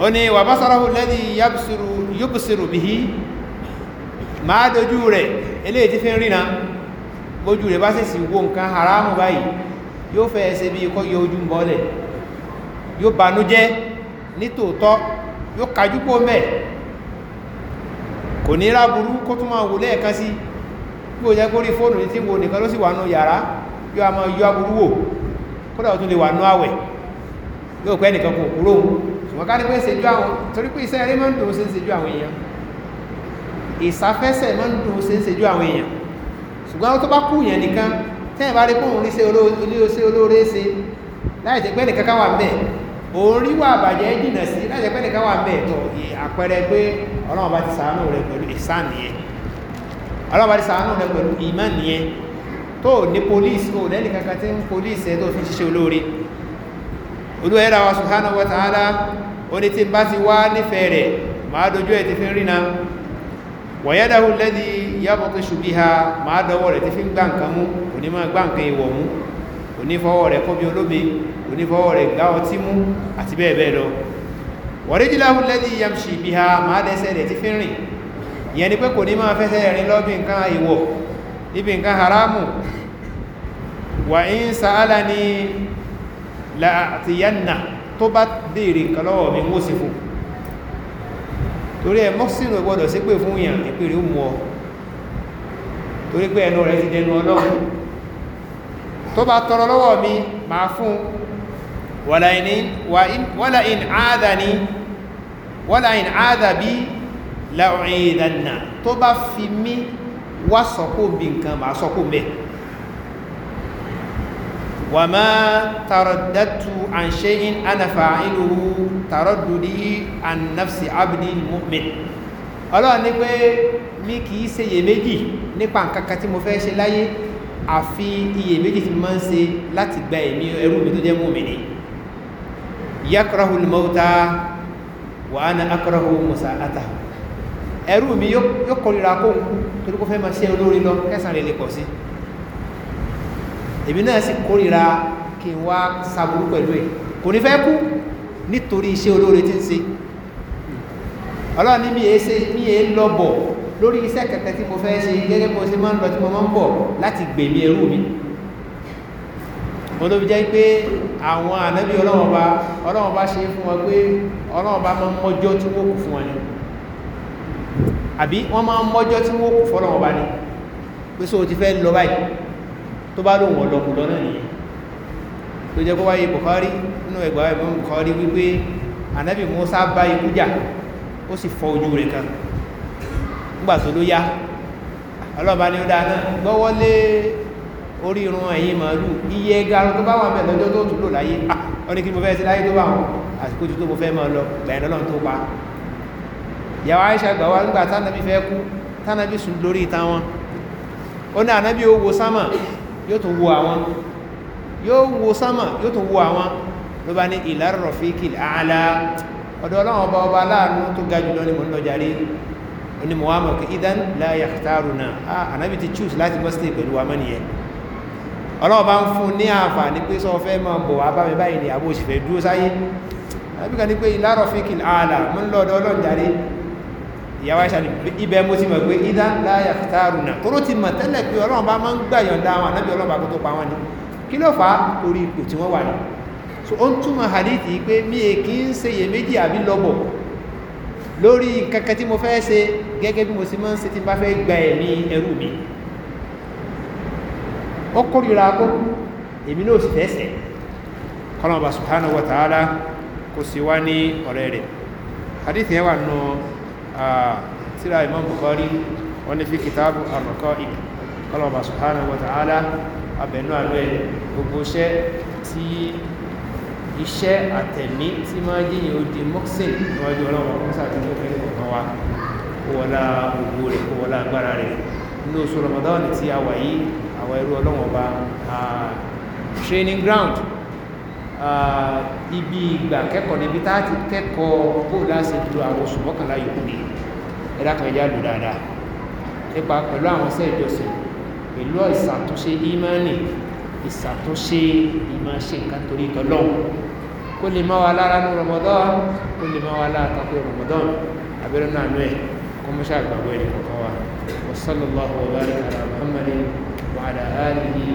ó ní wà básáràhù lẹ́dí yóbùsìrù bí i máa dojú rẹ̀ eléyìí tí fi ń rìnà bójú rẹ̀ bá sì sì wo nǹkan haramu báyìí yóò fẹ́ ẹsẹ̀ bí ikọ́ yọ ojú mbọ́lẹ̀ yóò banújẹ́ nítòótọ́ yóò kájú kó mẹ́ kò ní ráburú kó tún máa wò lẹ́ẹ̀kan sí bí ó jẹ́ kó fóònù ní tí wo nìkan ló sì wà nù yàrá yóò a máa yọ aburú wò kódà ó tún lè wà nù àwẹ̀ yóò pẹ́ nìkan kò kúrò wọ́n kárí pé ìṣẹ́jú àwọn torí pé iṣẹ́ eré máa ń dùn ó ṣe ń ṣẹ́jú àwọn èèyàn ìsáfẹ́sẹ̀ máa ń dùn ó ṣe ń ṣẹ́jú àwọn èèyàn ṣùgbọ́n tó bá kú yẹn nìkan tẹ́yìn bá rí pé òun rí ṣe olóṣe olóore ṣe láì jẹ́ pé nìkan ká wà ńbẹ̀ òun rí wà bàjẹ́ jìnà sí láì jẹ́ pé nìkan wà ńbẹ̀ tó àpẹẹrẹ pé ọlọ́run bá ti sàánú rẹ pẹ̀lú ìsán nìyẹn ọlọ́run bá ti sàánú rẹ pẹ̀lú ìmán nìyẹn tó ní pólíìsì ò lẹ́nì kankan tí ń pólíìsì ẹ tó fi ṣiṣẹ́ olóore olú ẹ̀rọ wa subhanahu wa ta'ala ó ní tí bá ti wá nífẹ̀ẹ́ rẹ̀ máa dojú ẹ̀ ti fi ń rìnà wọ̀yẹ́dáhù lẹ́dí yàbọ̀ tó ṣubí ha máa dọwọ́ rẹ̀ ti fi ń gbá nǹkan mú òní máa gbá nǹkan ìwọ̀ mú òní rẹ̀ kọ́bí olómi òní rẹ̀ gbá ọtí mú àti bẹ́ẹ̀ bẹ́ẹ̀ láàtíyánà tó bá béèrè nǹkan lọ́wọ́ mi wó sí fún torí ẹ mọ́sílò gbọ́dọ̀ sí pé fún èèyàn ìpèrè ó mú ọ torí pé ẹnu rẹ̀ ti dẹnu ọlọ́run tó bá tọrọ lọ́wọ́ mi máa fún wala in áádà bí láòrin ìdànà tó bá fi mí wá sọ́kó bí nǹkan máa sọ́kó mẹ́ẹ̀ وما ترددت عن شيء أنا فاعله ترددي عن نفس عبد المؤمن ọlọ́run ní pé mi kì í ṣe iyèméjì nípa nǹkan kan tí mo fẹ́ ṣe láyé àfi iyèméjì tí mo máa ń ṣe láti gba ẹ̀mí ẹrú mi tó jẹ́ mùmínì yakrahul mauta wa ana akrahu musa'atahu ẹrú mi yóò kórìíra kóhun torí kó fẹ́ máa ṣe olórin lọ kẹsàn-án lè pọ̀ sí èmi náà sì kórìíra kí n wá sàbúrú pẹ̀lú ẹ̀ kò ní fẹ́ kú nítorí iṣẹ́ olóore tí ń ṣe ọlọ́run ní mi èé lọ́bọ̀ lórí iṣẹ́ kẹta tí mo fẹ́ ṣe gẹ́gẹ́ bó ṣe máa ń lọ tí mo máa ń bọ̀ láti gbèmí ẹrú mi wọn ló fi jẹ́ pé àwọn ànábì ọlọ́wọ́n bá ọlọ́wọ́n bá ṣe fún wọn pé ọlọ́wọ́n bá máa ń mọ́jọ́ tí wọ́n kù fún wọn ni àbí wọ́n máa ń mọ́jọ́ tí wọ́n kù fọ́lọ́wọ́n bá ni pé sóò ti fẹ́ lọ báyìí tó bá lóhun ọ̀lọ́kù lọ́nà nìyẹn tó jẹ́ kó wáyé Bukhari nínú ẹgbà ìmọ̀ Bukhari wípé ànábì Musa bá ikú jà ó sì fọ ojú rẹ̀ kan nígbà tó ló yá ọlọ́ba ni ó dáa náà gbọ́wọ́ lé orí irun ẹ̀yìn màálù iye ẹgarun tó bá wà mẹ́ lọ́jọ́ tó tún lò láyé ah, ó ní kí mo fẹ́ sí láyé tó bá wọn àsìkò tó mo fẹ́ máa lọ gbẹ̀yìn lọ́nà tó pa ìyàwó Aisha gbà wá nígbà tánàbí fẹ́ kú tánàbí sùn lórí ìta wọn ó ní ànábì ó sámà yóò tún wo àwọn yóò wo sámà yóò tún wo àwọn ló bá ní ila rafiqil a'la ọ̀dọ̀ ọlọ́run ọba ọba aláàánú tó ga jùlọ ni mò ń lọ jàre ni mo wá mọ̀ pé idan la yakhtaruna a ah, ànábì ti choose láti bọ́ sílẹ̀ pẹ̀lú wa mọ́ nìyẹn ọlọ́run bá ń fún ní àǹfààní pé sọ fẹ́ máa bọ̀ wá bá mi báyìí ni àbó òṣìfẹ́ dúró sáyé àbíkan ní pé ila rafiqil a'la mo ń lọ ọlọ́run jàre ìyàwó àìṣà ni ibẹ̀ mo ti mọ̀ pé ìdá láyà fìtàrù náà tó ló ti mọ̀ tẹ́lẹ̀ pé ọlọ́run bá máa ń gbàyànda àwọn ànábì ọlọ́run bá kó tó pa wọn ni kí ló fà á torí ipò tí wọ́n wà ní so ó ń túmọ̀ hadithi pé mi è kí ń ṣe iyèméjì àbí lọ́bọ̀ lórí kankan tí mo fẹ́ ṣe gẹ́gẹ́ bí mo sì máa ń ṣe tí bá fẹ́ gba ẹ̀mí ẹrú mi ó kórìíra akókú èmi náà sì fẹ́ sẹ̀ kọ́nà subhanahu wa ta'ala kò sí wá ní ọ̀rẹ́ rẹ̀ tíra Imam Bukhari wọ́n ní fi kìtàbù ar-Raqa'iq kọlọ̀bà subhanahu wa ta'ala abẹ̀nú àlọ́ gbogbo iṣẹ́ tí iṣẹ́ àtẹ̀mí tí máa jíyìn ó di mọ́sìn níwájú ọlọ́wọ́ mọ́sà tí ó fẹ́ kọ̀kan wa ibi ìgbà kẹ́kọ̀ọ́ níbi tá ti kẹ́kọ̀ọ́ bó láti lo àwọn oṣù mọ́kànlá yòókù ni ẹ̀dá kan já lò dáadáa nípa pẹ̀lú àwọn iṣẹ́ ìjọsìn pẹ̀lú ìṣàtúnṣe ìmánì ìṣàtúnṣe ìmọ̀ṣe nǹkan torí tọ́lọ́hùn kó lè máa wà lára ní Ramadan kó lè máa wà lára tako Ramadan abẹ́rẹ́ náà nú ẹ̀ kó mọ́ ṣàgbàgbọ́ ẹ̀ kọ̀ọ̀kan wa wa sallallahu wa baraka ala Muhammadin wa ala alihi